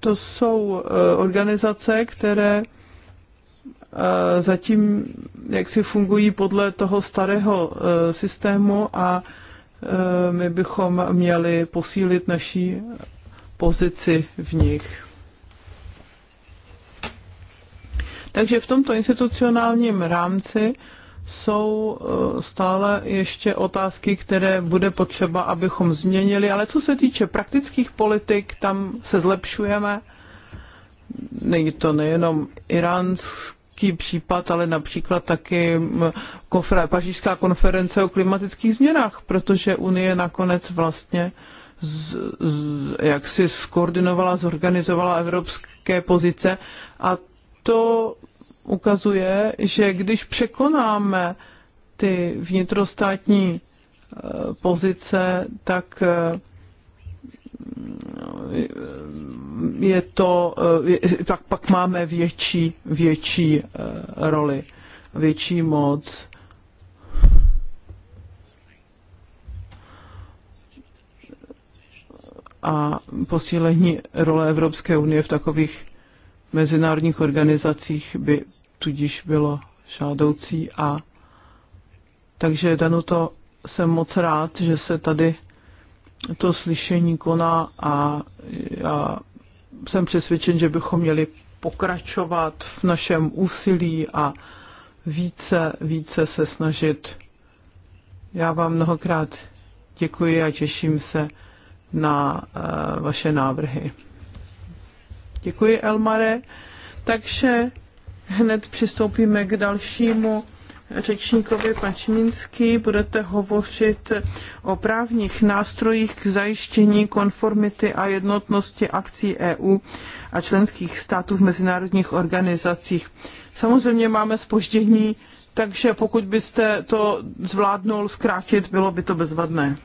to jsou eh, organizace, které eh, zatím jak si fungují podle toho starého systému a my bychom měli posílit naší pozici v nich. Takže v tomto institucionálním rámci jsou eh, stále ještě otázky, které bude potřeba, abychom změnili, ale co se týče praktických politik, tam se zlepšujeme. Není to nejenom iránský případ, ale například taky mm, konfer- pařížská konference o klimatických změnách, protože Unie nakonec vlastně z, z, jak si skoordinovala, zorganizovala evropské pozice a to ukazuje, že když překonáme ty vnitrostátní eh, pozice, tak eh, eh, je to, tak pak máme větší, větší roli, větší moc. A posílení role Evropské unie v takových mezinárodních organizacích by tudíž bylo žádoucí. A takže Danuto, jsem moc rád, že se tady to slyšení koná a já jsem přesvědčen, že bychom měli pokračovat v našem úsilí a více, více se snažit. Já vám mnohokrát děkuji a těším se na eh, vaše návrhy. Děkuji, Elmare. Takže hned přistoupíme k dalšímu řečníkovi Pačminský. Budete hovořit o právních nástrojích k zajištění konformity a jednotnosti akcí EU a členských států v mezinárodních organizacích. Samozřejmě máme spoždění, takže pokud byste to zvládnul zkrátit, bylo by to bezvadné.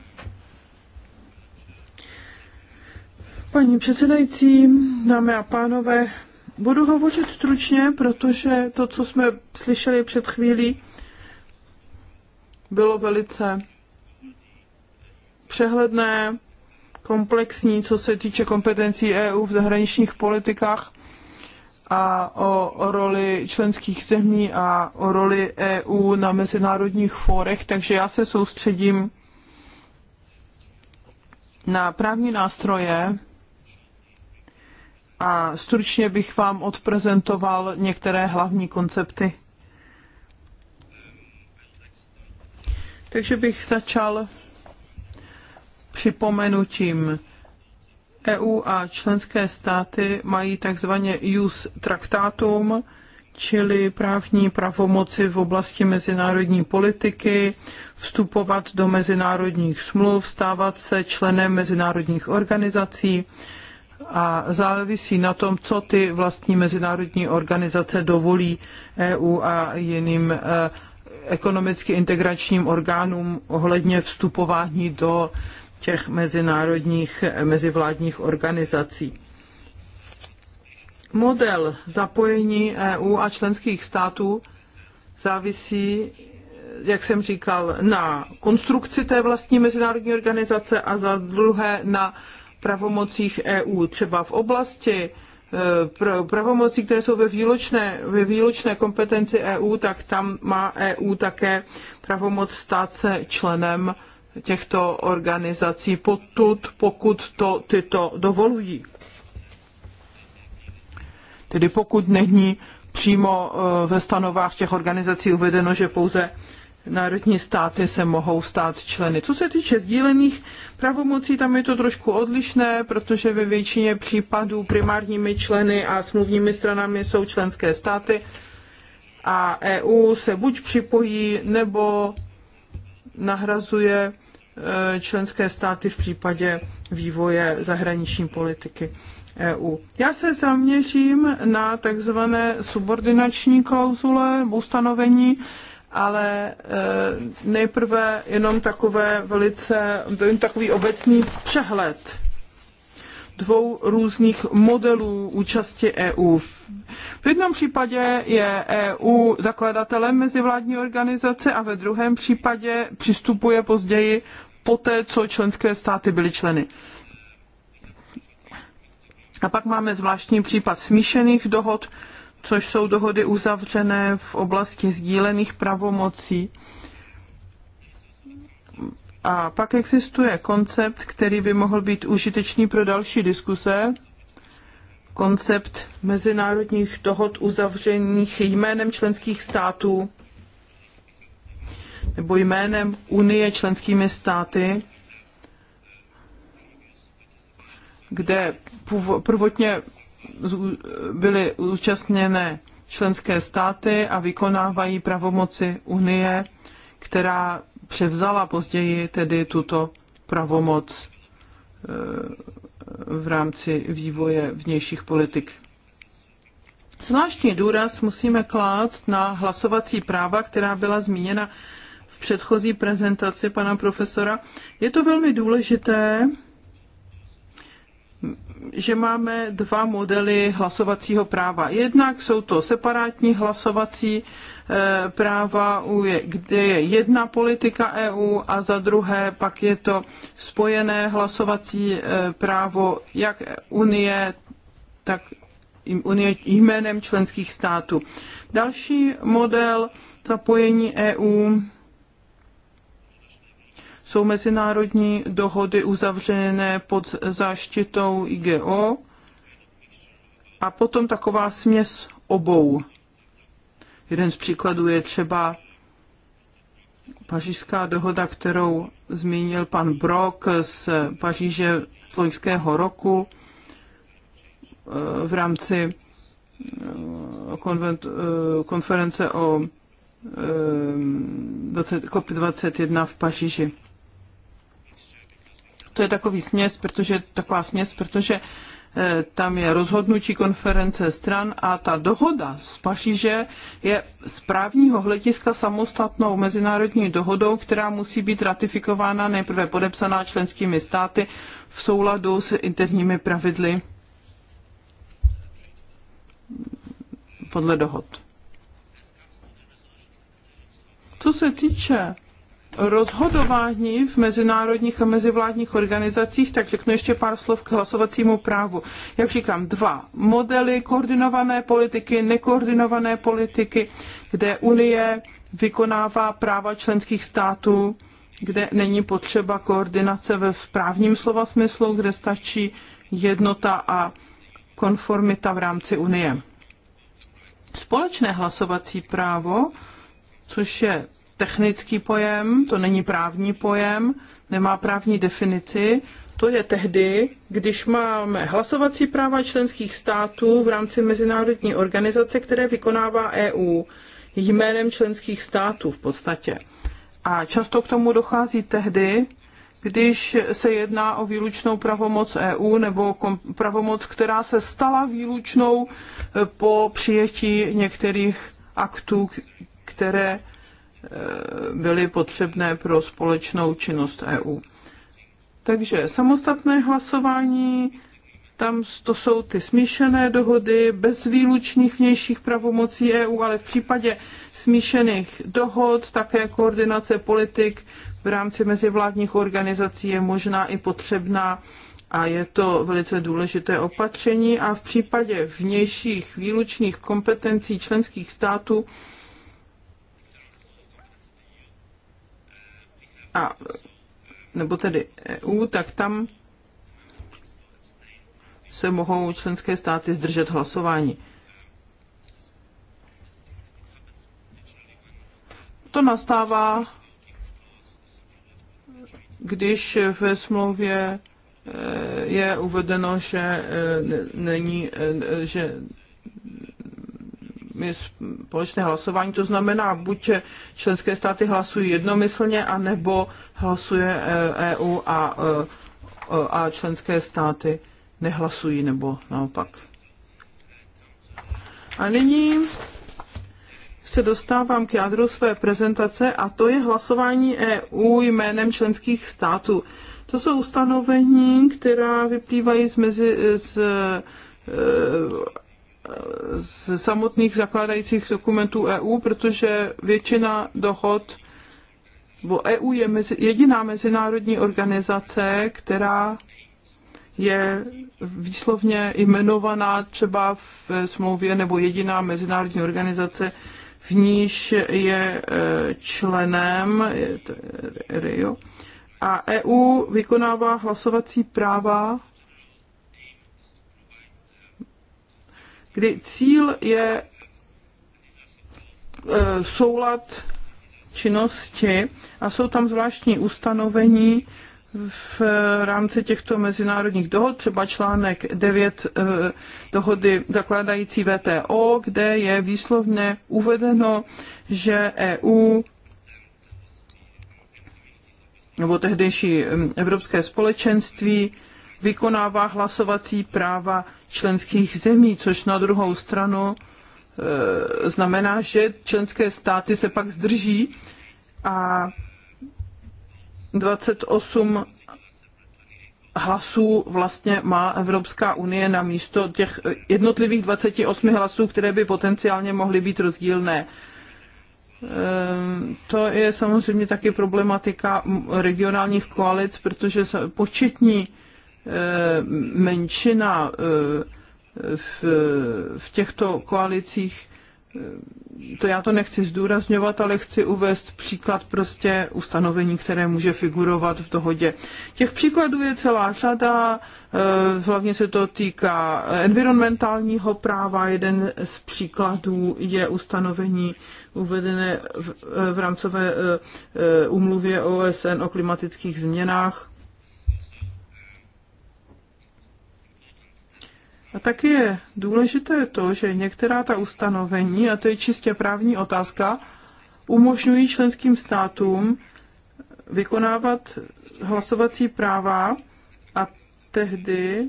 Paní předsedající, dámy a pánové, budu hovořit stručně, protože to, co jsme slyšeli před chvílí, bylo velice přehledné, komplexní, co se týče kompetencí EU v zahraničních politikách a o, o roli členských zemí a o roli EU na mezinárodních fórech, takže já se soustředím na právní nástroje, a stručně bych vám odprezentoval některé hlavní koncepty. Takže bych začal připomenutím. EU a členské státy mají takzvané jus traktátum, čili právní pravomoci v oblasti mezinárodní politiky, vstupovat do mezinárodních smluv, stávat se členem mezinárodních organizací, a závisí na tom, co ty vlastní mezinárodní organizace dovolí EU a jiným e, ekonomicky integračním orgánům ohledně vstupování do těch mezinárodních e, mezivládních organizací. Model zapojení EU a členských států závisí, jak jsem říkal, na konstrukci té vlastní mezinárodní organizace a za druhé na pravomocích EU, třeba v oblasti e, pravomocí, které jsou ve výlučné, ve výlučné kompetenci EU, tak tam má EU také pravomoc stát se členem těchto organizací, potud, pokud to tyto dovolují. Tedy pokud není přímo e, ve stanovách těch organizací uvedeno, že pouze národní státy se mohou stát členy. Co se týče sdílených pravomocí, tam je to trošku odlišné, protože ve většině případů primárními členy a smluvními stranami jsou členské státy a EU se buď připojí nebo nahrazuje eh, členské státy v případě vývoje zahraniční politiky EU. Já se zaměřím na takzvané subordinační klauzule, ustanovení, ale eh, nejprve jenom takové velice, jenom takový obecný přehled dvou různých modelů účasti EU. V jednom případě je EU zakladatelem mezivládní organizace a ve druhém případě přistupuje později poté, co členské státy byly členy. A pak máme zvláštní případ smíšených dohod, což jsou dohody uzavřené v oblasti sdílených pravomocí. A pak existuje koncept, který by mohl být užitečný pro další diskuse. Koncept mezinárodních dohod uzavřených jménem členských států nebo jménem Unie členskými státy, kde prvotně byly účastněné členské státy a vykonávají pravomoci Unie, která převzala později tedy tuto pravomoc e, v rámci vývoje vnějších politik. Zvláštní důraz musíme klást na hlasovací práva, která byla zmíněna v předchozí prezentaci pana profesora. Je to velmi důležité, že máme dva modely hlasovacího práva. Jednak jsou to separátní hlasovací eh, práva, kde je jedna politika EU a za druhé pak je to spojené hlasovací eh, právo jak Unie, tak Unie jménem členských států. Další model zapojení EU jsou mezinárodní dohody uzavřené pod záštitou IGO a potom taková směs obou. Jeden z příkladů je třeba pařížská dohoda, kterou zmínil pan Brok z Paříže loňského roku eh, v rámci eh, eh, konference o COP21 v Paříži to je takový směs, protože taková směs, protože eh, tam je rozhodnutí konference stran a ta dohoda z Paříže je z právního hlediska samostatnou mezinárodní dohodou, která musí být ratifikována nejprve podepsaná členskými státy v souladu s interními pravidly podle dohod. Co se týče rozhodování v mezinárodních a mezivládních organizacích, tak řeknu ještě pár slov k hlasovacímu právu. Jak říkám, dva modely, koordinované politiky, nekoordinované politiky, kde Unie vykonává práva členských států, kde není potřeba koordinace ve správním slova smyslu, kde stačí jednota a konformita v rámci Unie. Společné hlasovací právo, což je technický pojem, to není právní pojem, nemá právní definici. To je tehdy, když máme hlasovací práva členských států v rámci mezinárodní organizace, které vykonává EU jménem členských států v podstatě. A často k tomu dochází tehdy, když se jedná o výlučnou pravomoc EU nebo pravomoc, která se stala výlučnou eh, po přijetí některých aktů, které byly potřebné pro společnou činnost EU. Takže samostatné hlasování, tam to jsou ty smíšené dohody bez výlučných vnějších pravomocí EU, ale v případě smíšených dohod také koordinace politik v rámci mezivládních organizací je možná i potřebná a je to velice důležité opatření a v případě vnějších výlučných kompetencí členských států a nebo tedy EU, tak tam se mohou členské státy zdržet hlasování. To nastává, když ve smlouvě e, je uvedeno, že e, není, e, že společné hlasování. To znamená, buď členské státy hlasují jednomyslně, anebo hlasuje EU eh, e a, eh, a členské státy nehlasují, nebo naopak. A nyní se dostávám k jádru své prezentace a to je hlasování EU jménem členských států. To jsou ustanovení, která vyplývají z, mezi, z eh, z samotných zakládajících dokumentů EU, protože většina dohod, bo EU je mezi, jediná mezinárodní organizace, která je výslovně jmenovaná třeba v smlouvě nebo jediná mezinárodní organizace, v níž je e, členem je to RIO. A EU vykonává hlasovací práva kdy cíl je e, soulad činnosti a jsou tam zvláštní ustanovení v rámci těchto mezinárodních dohod, třeba článek 9 e, dohody zakládající VTO, kde je výslovně uvedeno, že EU nebo tehdejší e, Evropské společenství vykonává hlasovací práva členských zemí, což na druhou stranu e, znamená, že členské státy se pak zdrží a 28 hlasů vlastně má Evropská unie na místo těch jednotlivých 28 hlasů, které by potenciálně mohly být rozdílné. E, to je samozřejmě taky problematika regionálních koalic, protože početní Eh, menšina eh, v, v těchto koalicích, eh, to já to nechci zdůrazňovat, ale chci uvést příklad prostě ustanovení, které může figurovat v dohodě. Těch příkladů je celá řada, hlavně se to týká environmentálního práva. Jeden z příkladů je ustanovení uvedené v, v rámcové umluvě OSN o klimatických změnách A tak je důležité to, že některá ta ustanovení, a to je čistě právní otázka, umožňují členským státům vykonávat hlasovací práva a tehdy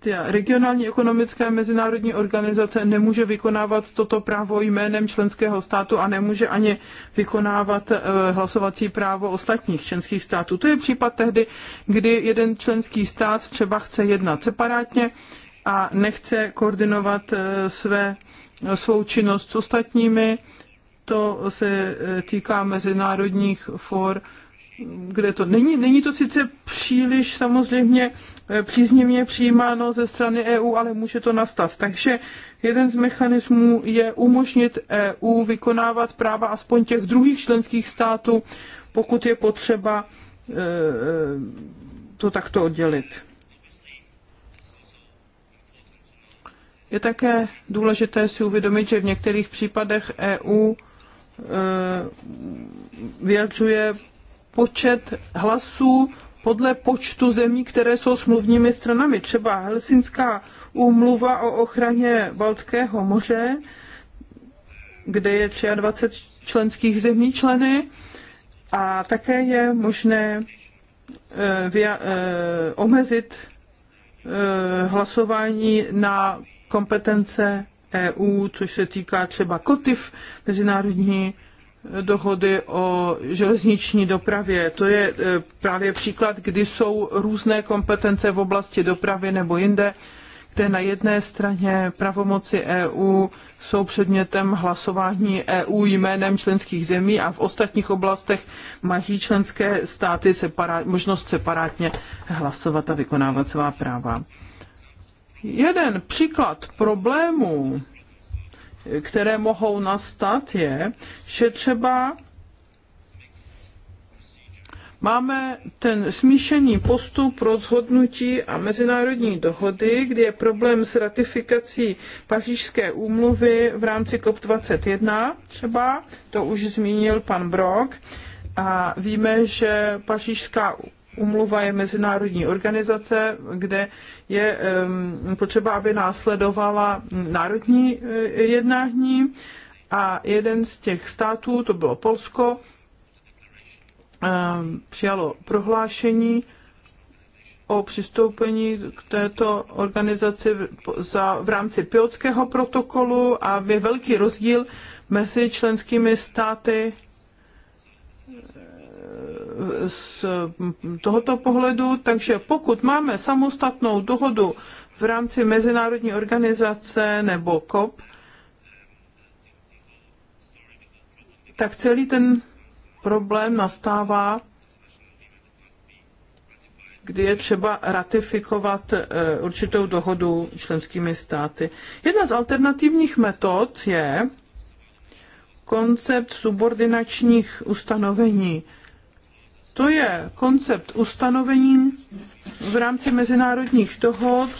ty regionální ekonomické a mezinárodní organizace nemůže vykonávat toto právo jménem členského státu a nemůže ani vykonávat eh, hlasovací právo ostatních členských států. To je případ tehdy, kdy jeden členský stát třeba chce jednat separátně, a nechce koordinovat eh, své, eh, svou činnost s ostatními. To se eh, týká mezinárodních for, kde to není, není to sice příliš samozřejmě příznivně přijímáno ze strany EU, ale může to nastat. Takže jeden z mechanismů je umožnit EU vykonávat práva aspoň těch druhých členských států, pokud je potřeba to takto oddělit. Je také důležité si uvědomit, že v některých případech EU e, vyjadřuje počet hlasů podle počtu zemí, které jsou smluvními stranami. Třeba Helsinská úmluva o ochraně Baltského moře, kde je 23 členských zemí členy, a také je možné e, e, omezit hlasování na kompetence EU, což se týká třeba KOTIF, mezinárodní dohody o železniční dopravě. To je e, právě příklad, kdy jsou různé kompetence v oblasti dopravy nebo jinde, kde na jedné straně pravomoci EU jsou předmětem hlasování EU jménem členských zemí a v ostatních oblastech mají členské státy separát, možnost separátně hlasovat a vykonávat svá práva. Jeden příklad problémů, které mohou nastat, je, že třeba máme ten smíšený postup rozhodnutí a mezinárodní dohody, kdy je problém s ratifikací pařížské úmluvy v rámci COP21 třeba, to už zmínil pan Brok, a víme, že pařížská Umluva je mezinárodní organizace, kde je potřeba, aby následovala národní eh, jednání a jeden z těch států, to bylo Polsko, přijalo prohlášení o přistoupení k této organizaci za, v rámci Piotského protokolu a je velký rozdíl mezi členskými státy z tohoto pohledu, takže pokud máme samostatnou dohodu v rámci mezinárodní organizace nebo COP, tak celý ten problém nastává, kdy je třeba ratifikovat eh, určitou dohodu členskými státy. Jedna z alternativních metod je koncept subordinačních ustanovení to je koncept ustanovení v rámci mezinárodních dohod,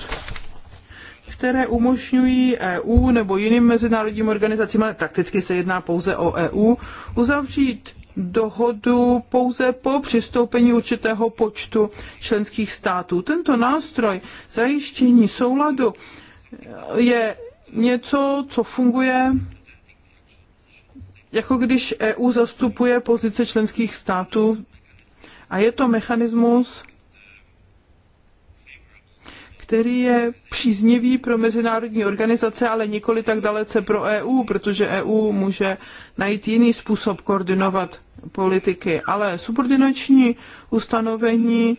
které umožňují EU nebo jiným mezinárodním organizacím, ale prakticky se jedná pouze o EU, uzavřít dohodu pouze po přistoupení určitého počtu členských států. Tento nástroj zajištění souladu je něco, co funguje jako když EU zastupuje pozice členských států a je to mechanismus, který je příznivý pro mezinárodní organizace, ale nikoli tak dalece pro EU, protože EU může najít jiný způsob koordinovat politiky. Ale subordinační ustanovení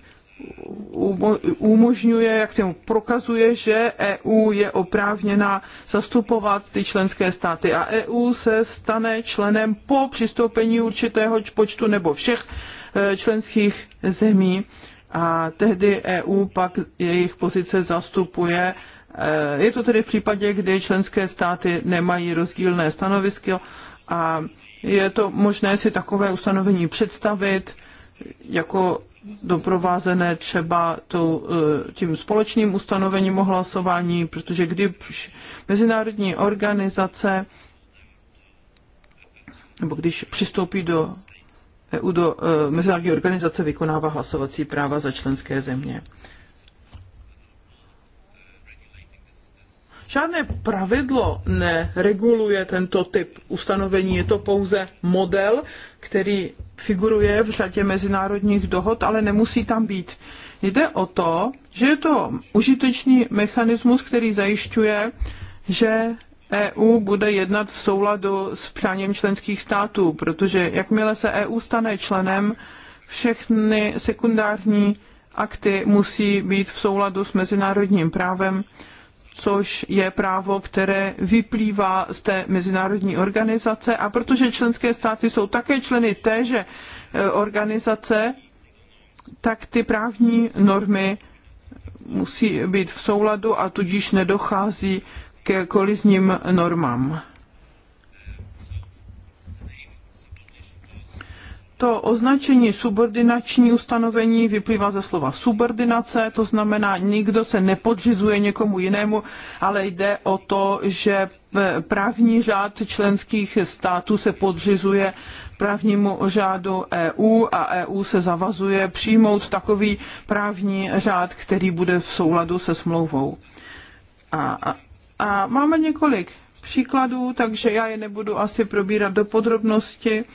umožňuje, jak se mu prokazuje, že EU je oprávněna zastupovat ty členské státy a EU se stane členem po přistoupení určitého počtu nebo všech Eh, členských zemí a tehdy EU pak jejich pozice zastupuje. Eh, je to tedy v případě, kdy členské státy nemají rozdílné stanovisko a je to možné si takové ustanovení představit jako doprovázené třeba tou, eh, tím společným ustanovením o hlasování, protože když mezinárodní organizace nebo když přistoupí do EU do e, mezinárodní organizace vykonává hlasovací práva za členské země. Žádné pravidlo nereguluje tento typ ustanovení, je to pouze model, který figuruje v řadě mezinárodních dohod, ale nemusí tam být. Jde o to, že je to užitečný mechanismus, který zajišťuje, že EU bude jednat v souladu s přáním členských států, protože jakmile se EU stane členem, všechny sekundární akty musí být v souladu s mezinárodním právem, což je právo, které vyplývá z té mezinárodní organizace. A protože členské státy jsou také členy téže e, organizace, tak ty právní normy musí být v souladu a tudíž nedochází k kolizním normám. To označení subordinační ustanovení vyplývá ze slova subordinace, to znamená, nikdo se nepodřizuje někomu jinému, ale jde o to, že právní řád členských států se podřizuje právnímu řádu EU a EU se zavazuje přijmout takový právní řád, který bude v souladu se smlouvou. A a máme několik příkladů, takže já je nebudu asi probírat do podrobnosti.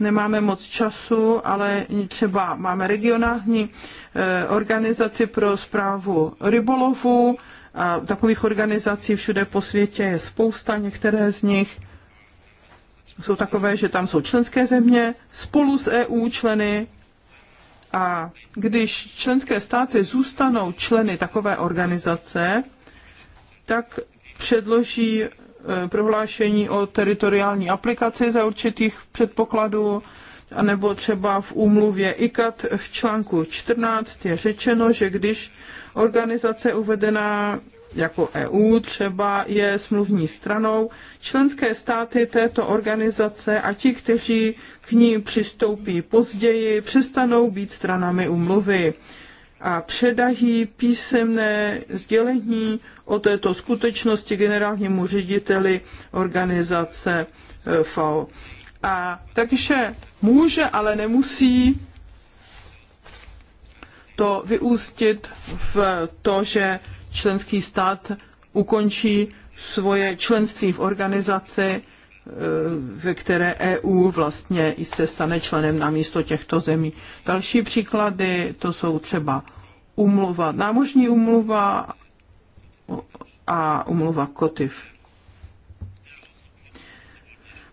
Nemáme moc času, ale třeba máme regionální eh, organizaci pro zprávu rybolovu. A takových organizací všude po světě je spousta, některé z nich jsou takové, že tam jsou členské země spolu s EU členy a když členské státy zůstanou členy takové organizace, tak předloží eh, prohlášení o teritoriální aplikaci za určitých předpokladů, anebo třeba v úmluvě ICAT v článku 14 je řečeno, že když organizace uvedená jako EU třeba je smluvní stranou, členské státy této organizace a ti, kteří k ní přistoupí později, přestanou být stranami úmluvy a předají písemné sdělení o této skutečnosti generálnímu řediteli organizace eh, FAO. A takže může, ale nemusí to vyústit v to, že členský stát ukončí svoje členství v organizaci Eh, ve které EU vlastně i se stane členem na místo těchto zemí. Další příklady to jsou třeba umluva, námožní umluva a umluva kotiv.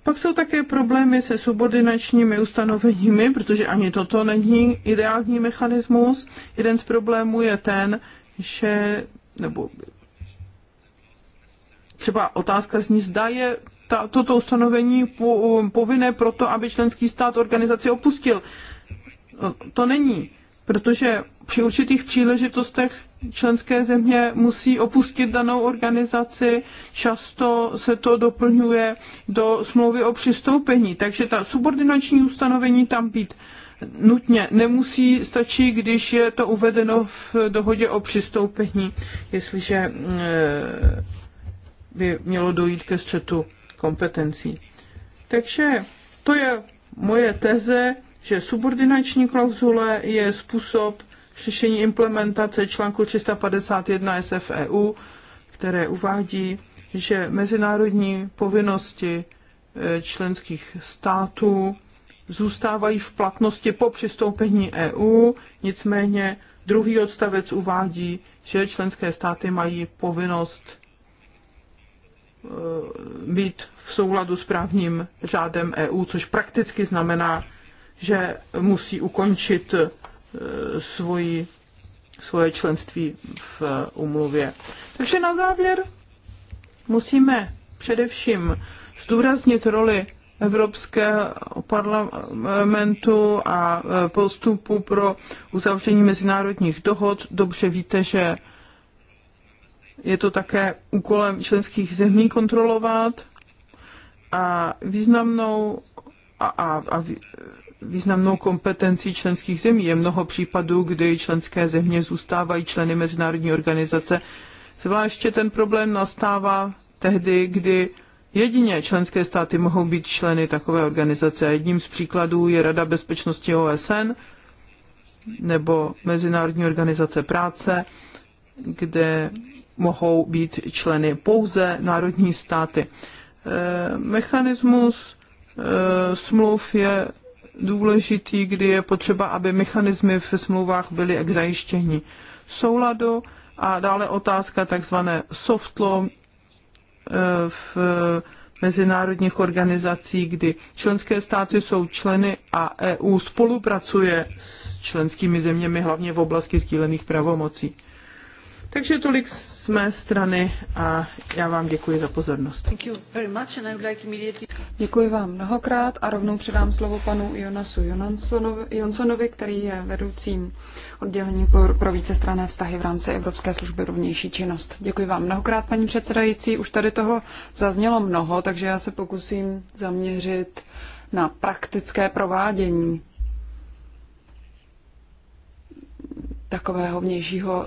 Pak jsou také problémy se subordinačními ustanoveními, protože ani toto není ideální mechanismus. Jeden z problémů je ten, že nebo třeba otázka zní, zda je ta, toto ustanovení po, povinné proto, aby členský stát organizaci opustil. No, to není, protože při určitých příležitostech členské země musí opustit danou organizaci, často se to doplňuje do smlouvy o přistoupení, takže ta subordinační ustanovení tam být nutně nemusí, stačí, když je to uvedeno v dohodě o přistoupení, jestliže mm, e, by mělo dojít ke střetu kompetencí. Takže to je moje teze, že subordinační klauzule je způsob řešení implementace článku 351 SFEU, které uvádí, že mezinárodní povinnosti eh, členských států zůstávají v platnosti po přistoupení EU, nicméně druhý odstavec uvádí, že členské státy mají povinnost Eh, být v souladu s právním řádem EU, což prakticky znamená, že musí ukončit eh, svoji, svoje členství v umluvě. Eh, Takže na závěr musíme především zdůraznit roli Evropského parlamentu a postupu pro uzavření mezinárodních dohod. Dobře víte, že je to také úkolem členských zemí kontrolovat a významnou a, a, a významnou kompetencí členských zemí. Je mnoho případů, kdy členské země zůstávají členy mezinárodní organizace. Zvláště ten problém nastává tehdy, kdy jedině členské státy mohou být členy takové organizace. Jedním z příkladů je Rada bezpečnosti OSN nebo Mezinárodní organizace práce, kde mohou být členy pouze národní státy. E, mechanismus e, smluv je důležitý, kdy je potřeba, aby mechanismy v smlouvách byly k zajištění souladu a dále otázka takzvané soft law e, v mezinárodních organizací, kdy členské státy jsou členy a EU spolupracuje s členskými zeměmi, hlavně v oblasti sdílených pravomocí. Takže tolik z mé strany a já vám děkuji za pozornost. Děkuji vám mnohokrát a rovnou předám slovo panu Jonasu Jonsonovi, který je vedoucím oddělení pro vícestrané vztahy v rámci Evropské služby rovnější činnost. Děkuji vám mnohokrát, paní předsedající. Už tady toho zaznělo mnoho, takže já se pokusím zaměřit na praktické provádění takového vnějšího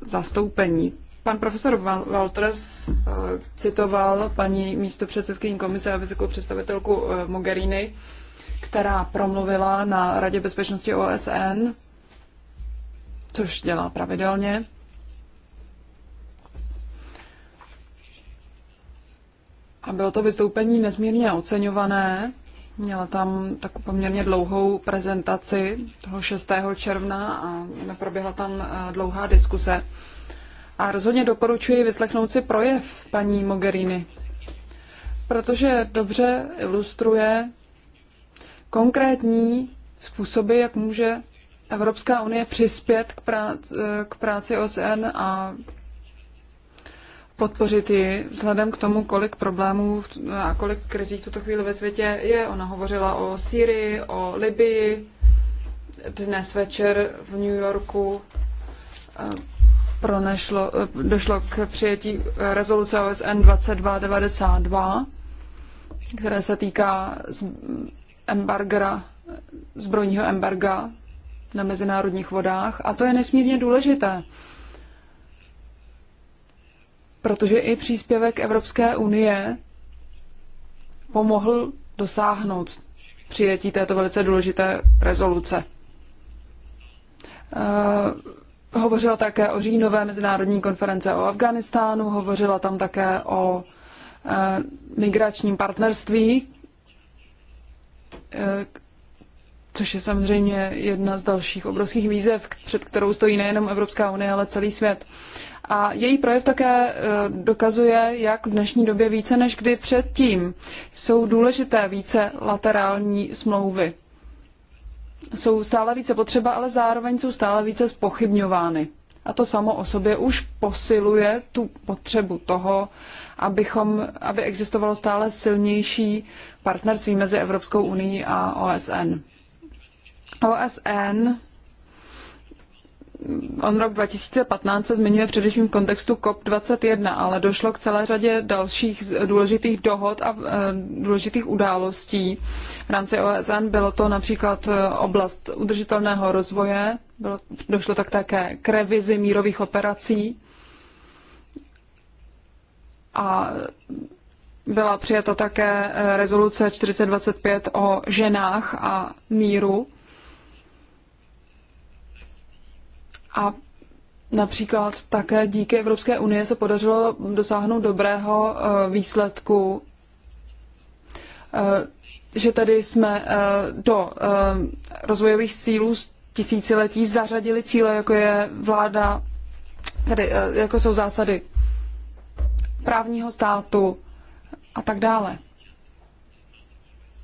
zastoupení Pan profesor Walters eh, citoval paní místopředsedkyní komise a vysokou představitelku eh, Mogherini, která promluvila na Radě bezpečnosti OSN, což dělá pravidelně. A bylo to vystoupení nesmírně oceňované. Měla tam takovou poměrně dlouhou prezentaci toho 6. června a proběhla tam eh, dlouhá diskuse. A rozhodně doporučuji vyslechnout si projev paní Mogherini, protože dobře ilustruje konkrétní způsoby, jak může Evropská unie přispět k, práci, k práci OSN a podpořit ji vzhledem k tomu, kolik problémů a kolik krizí v tuto chvíli ve světě je. Ona hovořila o Sýrii, o Libii, dnes večer v New Yorku eh, pronešlo, došlo k přijetí rezoluce OSN 2292, které se týká embarga, zbrojního embarga na mezinárodních vodách. A to je nesmírně důležité, protože i příspěvek Evropské unie pomohl dosáhnout přijetí této velice důležité rezoluce. Uh, Hovořila také o říjnové mezinárodní konference o Afganistánu, hovořila tam také o eh, migračním partnerství, eh, což je samozřejmě jedna z dalších obrovských výzev, před kterou stojí nejenom Evropská unie, ale celý svět. A její projev také eh, dokazuje, jak v dnešní době více než kdy předtím jsou důležité více laterální smlouvy jsou stále více potřeba, ale zároveň jsou stále více spochybňovány. A to samo o sobě už posiluje tu potřebu toho, abychom, aby existovalo stále silnější partnerství mezi Evropskou unii a OSN. OSN on rok 2015 se zmiňuje především v kontextu COP21, ale došlo k celé řadě dalších důležitých dohod a e, důležitých událostí. V rámci OSN bylo to například e, oblast udržitelného rozvoje, bylo, došlo tak také k revizi mírových operací a byla přijata také e, rezoluce 4025 o ženách a míru. A například také díky Evropské unie se podařilo dosáhnout dobrého eh, výsledku, eh, že tedy jsme eh, do rozvojových cílů tisíciletí zařadili cíle, jako je vláda, tedy jako jsou zásady právního státu a tak dále.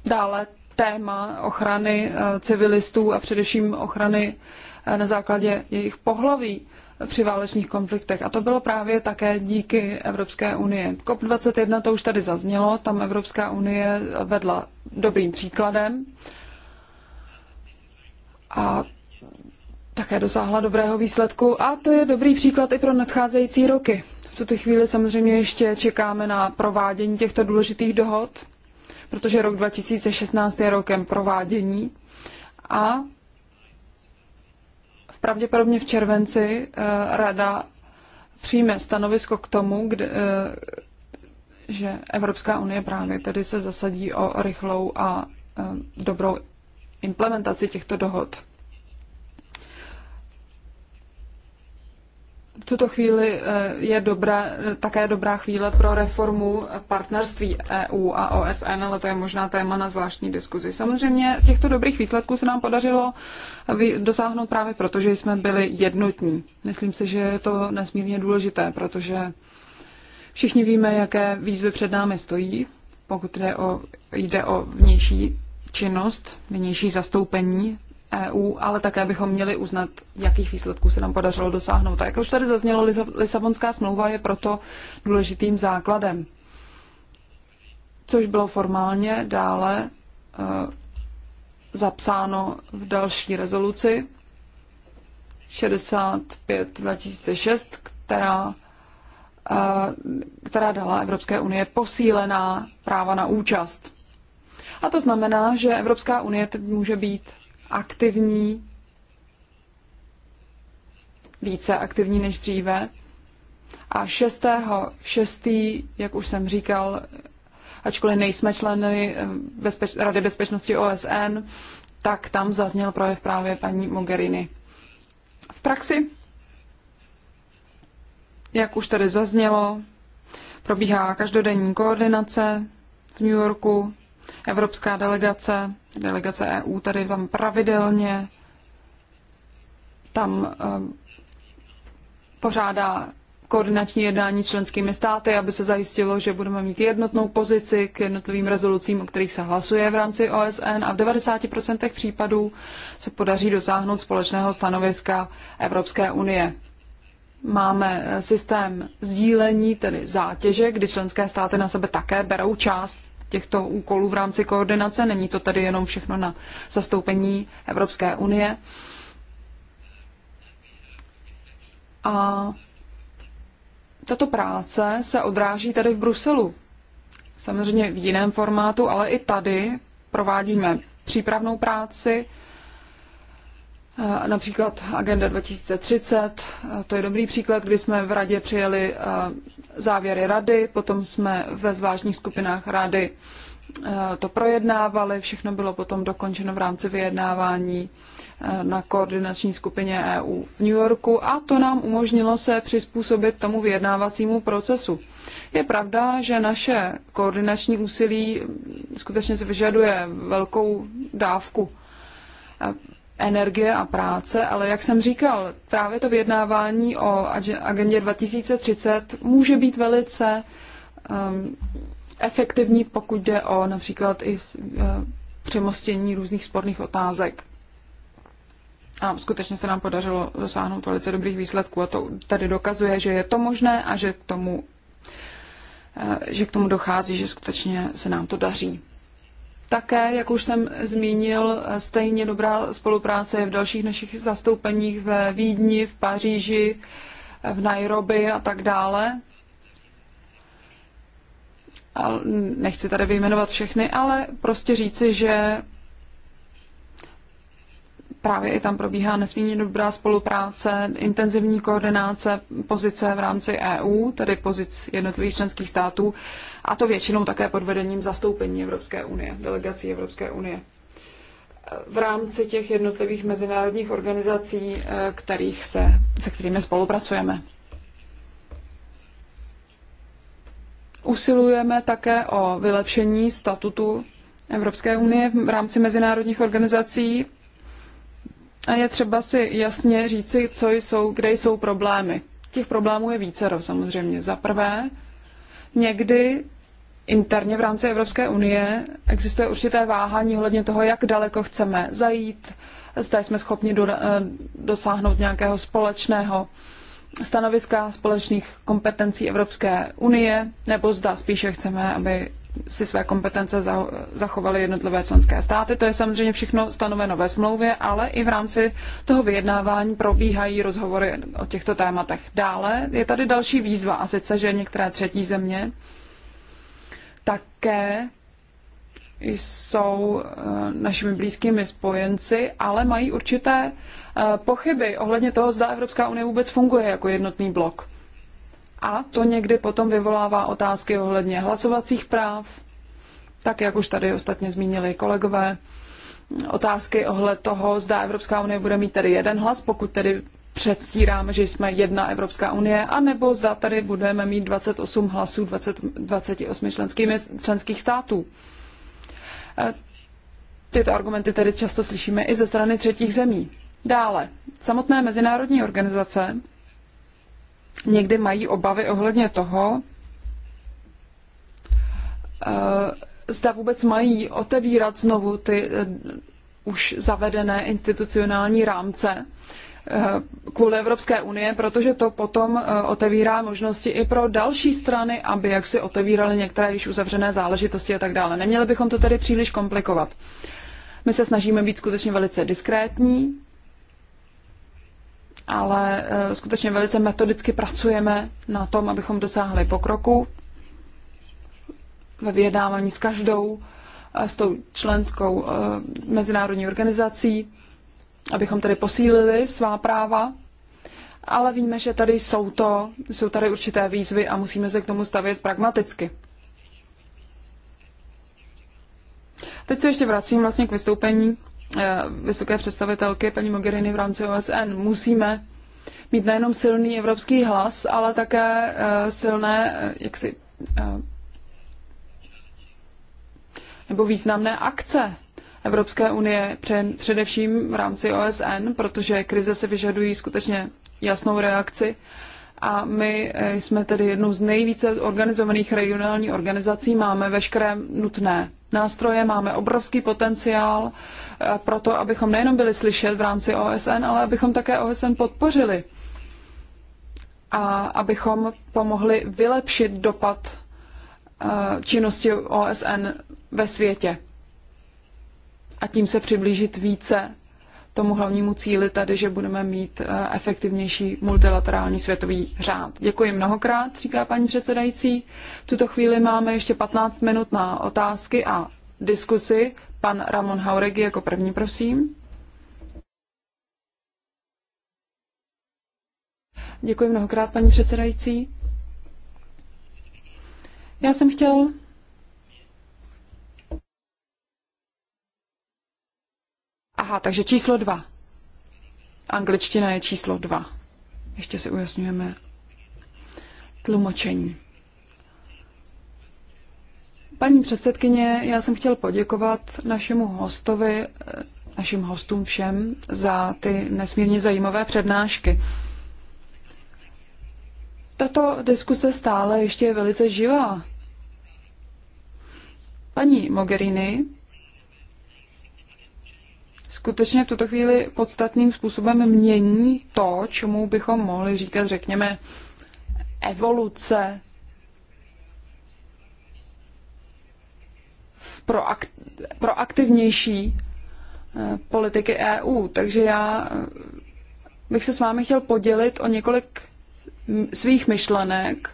Dále téma ochrany eh, civilistů a především ochrany eh, na základě jejich pohlaví při válečných konfliktech. A to bylo právě také díky Evropské unie. COP21 to už tady zaznělo, tam Evropská unie vedla dobrým příkladem a také dosáhla dobrého výsledku. A to je dobrý příklad i pro nadcházející roky. V tuto chvíli samozřejmě ještě čekáme na provádění těchto důležitých dohod protože rok 2016 je rokem provádění a pravděpodobně v červenci eh, Rada přijme stanovisko k tomu, kde, eh, že Evropská unie právě tedy se zasadí o rychlou a eh, dobrou implementaci těchto dohod. v tuto chvíli eh, je dobrá, také dobrá chvíle pro reformu partnerství EU a OSN, ale to je možná téma na zvláštní diskuzi. Samozřejmě těchto dobrých výsledků se nám podařilo dosáhnout právě proto, že jsme byli jednotní. Myslím si, že je to nesmírně důležité, protože všichni víme, jaké výzvy před námi stojí, pokud jde o, jde o vnější činnost, vnější zastoupení EU, ale také bychom měli uznat, jakých výsledků se nám podařilo dosáhnout. A jak už tady zaznělo, Lisabonská smlouva je proto důležitým základem, což bylo formálně dále eh, zapsáno v další rezoluci 65-2006, která, eh, která dala Evropské unie posílená práva na účast. A to znamená, že Evropská unie teď může být aktivní, více aktivní než dříve. A 6. 6. jak už jsem říkal, ačkoliv nejsme členy eh, bezpeč- Rady bezpečnosti OSN, tak tam zazněl projev právě paní Mogherini. V praxi, jak už tady zaznělo, probíhá každodenní koordinace v New Yorku Evropská delegace, delegace EU tady tam pravidelně tam eh, pořádá koordinační jednání s členskými státy, aby se zajistilo, že budeme mít jednotnou pozici k jednotlivým rezolucím, o kterých se hlasuje v rámci OSN a v 90% případů se podaří dosáhnout společného stanoviska Evropské unie. Máme eh, systém sdílení, tedy zátěže, kdy členské státy na sebe také berou část těchto úkolů v rámci koordinace. Není to tady jenom všechno na zastoupení Evropské unie. A tato práce se odráží tady v Bruselu. Samozřejmě v jiném formátu, ale i tady provádíme přípravnou práci, Například Agenda 2030, to je dobrý příklad, kdy jsme v radě přijeli závěry rady, potom jsme ve zvláštních skupinách rady to projednávali, všechno bylo potom dokončeno v rámci vyjednávání na koordinační skupině EU v New Yorku a to nám umožnilo se přizpůsobit tomu vyjednávacímu procesu. Je pravda, že naše koordinační úsilí skutečně se vyžaduje velkou dávku energie a práce, ale jak jsem říkal, právě to vyjednávání o agendě 2030 může být velice um, efektivní, pokud jde o například i uh, přemostění různých sporných otázek. A skutečně se nám podařilo dosáhnout velice dobrých výsledků a to tady dokazuje, že je to možné a že k tomu, uh, že k tomu dochází, že skutečně se nám to daří. Také, jak už jsem zmínil, stejně dobrá spolupráce je v dalších našich zastoupeních ve Vídni, v Paříži, v Nairobi a tak dále. A nechci tady vyjmenovat všechny, ale prostě říci, že právě i tam probíhá nesmírně dobrá spolupráce, intenzivní koordinace pozice v rámci EU, tedy pozic jednotlivých členských států, a to většinou také pod vedením zastoupení Evropské unie, delegací Evropské unie. V rámci těch jednotlivých mezinárodních organizací, eh, kterých se, se kterými spolupracujeme. Usilujeme také o vylepšení statutu Evropské unie v rámci mezinárodních organizací, a je třeba si jasně říci, co jsou, kde jsou problémy. Těch problémů je vícero samozřejmě. Za prvé, někdy interně v rámci Evropské unie existuje určité váhání ohledně toho, jak daleko chceme zajít, zda jsme schopni do, eh, dosáhnout nějakého společného stanoviska společných kompetencí Evropské unie, nebo zda spíše chceme, aby si své kompetence zachovaly jednotlivé členské státy. To je samozřejmě všechno stanoveno ve smlouvě, ale i v rámci toho vyjednávání probíhají rozhovory o těchto tématech. Dále je tady další výzva, a sice, že některé třetí země také jsou eh, našimi blízkými spojenci, ale mají určité eh, pochyby ohledně toho, zda Evropská unie vůbec funguje jako jednotný blok. A to někdy potom vyvolává otázky ohledně hlasovacích práv, tak jak už tady ostatně zmínili kolegové, otázky ohled toho, zda Evropská unie bude mít tedy jeden hlas, pokud tedy předstíráme, že jsme jedna Evropská unie, anebo zda tady budeme mít 28 hlasů 20, 28 členskými, členských států. E, tyto argumenty tedy často slyšíme i ze strany třetích zemí. Dále, samotné mezinárodní organizace někdy mají obavy ohledně toho, eh, zda vůbec mají otevírat znovu ty eh, už zavedené institucionální rámce eh, kvůli Evropské unie, protože to potom otevírá možnosti i pro další strany, aby jaksi otevíraly některé již uzavřené záležitosti a tak dále. Neměli bychom to tedy příliš komplikovat. My se snažíme být skutečně velice diskrétní, ale eh, skutečně velice metodicky pracujeme na tom, abychom dosáhli pokroku ve vyjednávání s každou, eh, s tou členskou eh, mezinárodní organizací, abychom tedy posílili svá práva, ale víme, že tady jsou, to, jsou tady určité výzvy a musíme se k tomu stavět pragmaticky. Teď se ještě vracím vlastně k vystoupení Eh, vysoké představitelky paní Mogherini v rámci OSN. Musíme mít nejenom silný evropský hlas, ale také eh, silné, eh, jaksi, nebo významné akce Evropské unie, především v rámci OSN, protože krize se vyžadují skutečně jasnou reakci. A my jsme tedy jednou z nejvíce organizovaných regionálních organizací, máme veškeré nutné nástroje, máme obrovský potenciál, proto, abychom nejenom byli slyšet v rámci OSN, ale abychom také OSN podpořili a abychom pomohli vylepšit dopad eh, činnosti OSN ve světě. A tím se přiblížit více tomu hlavnímu cíli tady, že budeme mít eh, efektivnější multilaterální světový řád. Děkuji mnohokrát, říká paní předsedající. V tuto chvíli máme ještě 15 minut na otázky a diskusy. Pan Ramon Hauregi jako první, prosím. Děkuji mnohokrát, paní předsedající. Já jsem chtěl Aha, takže číslo dva. Angličtina je číslo dva. Ještě si ujasňujeme tlumočení. Paní předsedkyně, já jsem chtěl poděkovat našemu hostovi, eh, našim hostům všem za ty nesmírně zajímavé přednášky. Tato diskuse stále ještě je velice živá. Paní Mogherini skutečně v tuto chvíli podstatným způsobem mění to, čemu bychom mohli říkat, řekněme, evoluce proaktivnější eh, politiky EU. Takže já eh, bych se s vámi chtěl podělit o několik svých myšlenek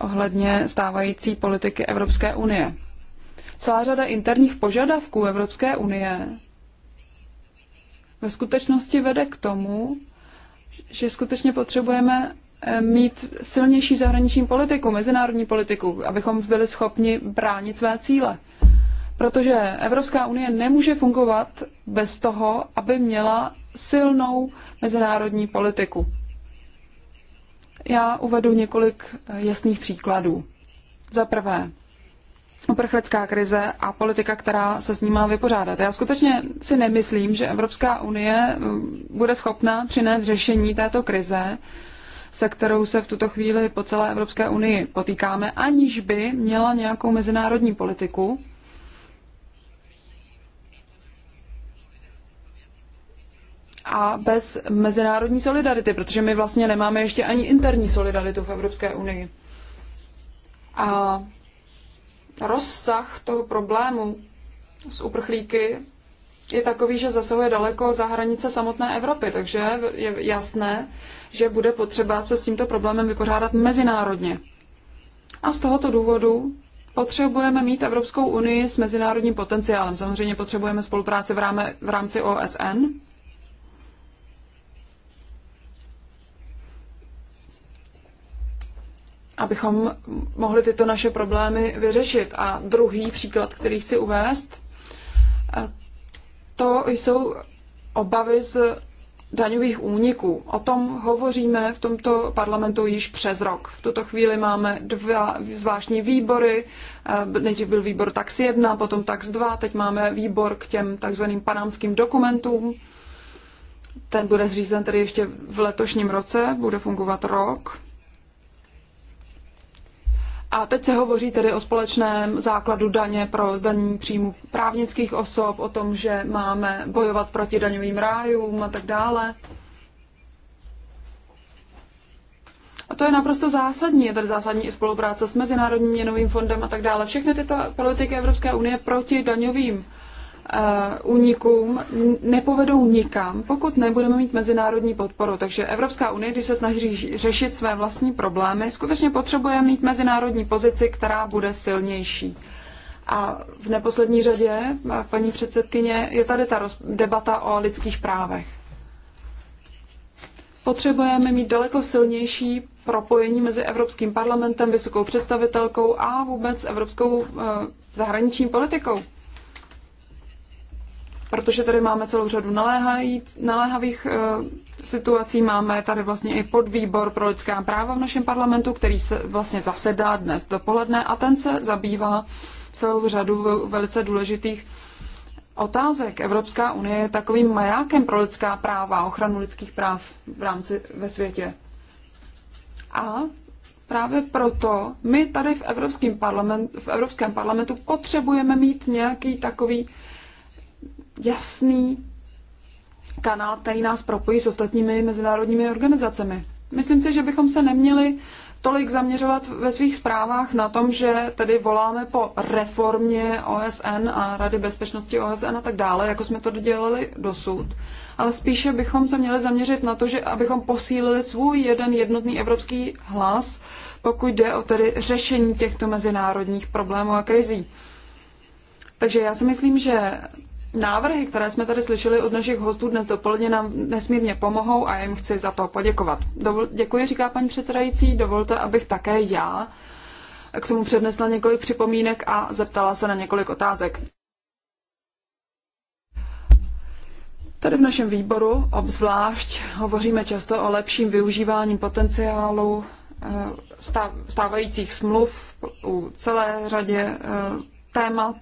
ohledně stávající politiky Evropské unie. Celá řada interních požadavků Evropské unie ve skutečnosti vede k tomu, že skutečně potřebujeme Eh, mít silnější zahraniční politiku, mezinárodní politiku, abychom byli schopni bránit své cíle. Protože Evropská unie nemůže fungovat bez toho, aby měla silnou mezinárodní politiku. Já uvedu několik eh, jasných příkladů. Za prvé, uprchlická krize a politika, která se s ní má vypořádat. Já skutečně si nemyslím, že Evropská unie eh, bude schopná přinést řešení této krize, se kterou se v tuto chvíli po celé Evropské unii potýkáme, aniž by měla nějakou mezinárodní politiku. A bez mezinárodní solidarity, protože my vlastně nemáme ještě ani interní solidaritu v Evropské unii. A rozsah toho problému s uprchlíky je takový, že zasahuje daleko za hranice samotné Evropy, takže je jasné, že bude potřeba se s tímto problémem vypořádat mezinárodně. A z tohoto důvodu potřebujeme mít Evropskou unii s mezinárodním potenciálem. Samozřejmě potřebujeme spolupráci v, ráme, v rámci OSN. abychom mohli tyto naše problémy vyřešit. A druhý příklad, který chci uvést, eh, to jsou obavy z daňových úniků. O tom hovoříme v tomto parlamentu již přes rok. V tuto chvíli máme dva zvláštní výbory. Eh, nejdřív byl výbor tax 1, potom tax 2, teď máme výbor k těm takzvaným panamským dokumentům. Ten bude zřízen tedy ještě v letošním roce, bude fungovat rok. A teď se hovoří tedy o společném základu daně pro zdanění příjmu právnických osob, o tom, že máme bojovat proti daňovým rájům a tak dále. A to je naprosto zásadní. Je tady zásadní i spolupráce s Mezinárodním měnovým fondem a tak dále. Všechny tyto politiky Evropské unie proti daňovým Eh, únikům nepovedou nikam, pokud nebudeme mít mezinárodní podporu. Takže Evropská unie, když se snaží řešit své vlastní problémy, skutečně potřebuje mít mezinárodní pozici, která bude silnější. A v neposlední řadě, paní předsedkyně, je tady ta debata o lidských právech. Potřebujeme mít daleko silnější propojení mezi Evropským parlamentem, vysokou představitelkou a vůbec evropskou eh, zahraniční politikou protože tady máme celou řadu naléhavých eh, situací. Máme tady vlastně i podvýbor pro lidská práva v našem parlamentu, který se vlastně zasedá dnes dopoledne a ten se zabývá celou řadu velice důležitých otázek. Evropská unie je takovým majákem pro lidská práva, ochranu lidských práv v rámci ve světě. A Právě proto my tady v Evropském, parlament, v Evropském parlamentu potřebujeme mít nějaký takový jasný kanál, který nás propojí s ostatními mezinárodními organizacemi. Myslím si, že bychom se neměli tolik zaměřovat ve svých zprávách na tom, že tedy voláme po reformě OSN a Rady bezpečnosti OSN a tak dále, jako jsme to dělali dosud. Ale spíše bychom se měli zaměřit na to, že abychom posílili svůj jeden jednotný evropský hlas, pokud jde o tedy řešení těchto mezinárodních problémů a krizí. Takže já si myslím, že návrhy, které jsme tady slyšeli od našich hostů dnes dopoledne, nám nesmírně pomohou a jim chci za to poděkovat. Dovol, děkuji, říká paní předsedající. Dovolte, abych také já k tomu přednesla několik připomínek a zeptala se na několik otázek. Tady v našem výboru obzvlášť hovoříme často o lepším využívání potenciálu eh, stávajících smluv u celé řadě eh, témat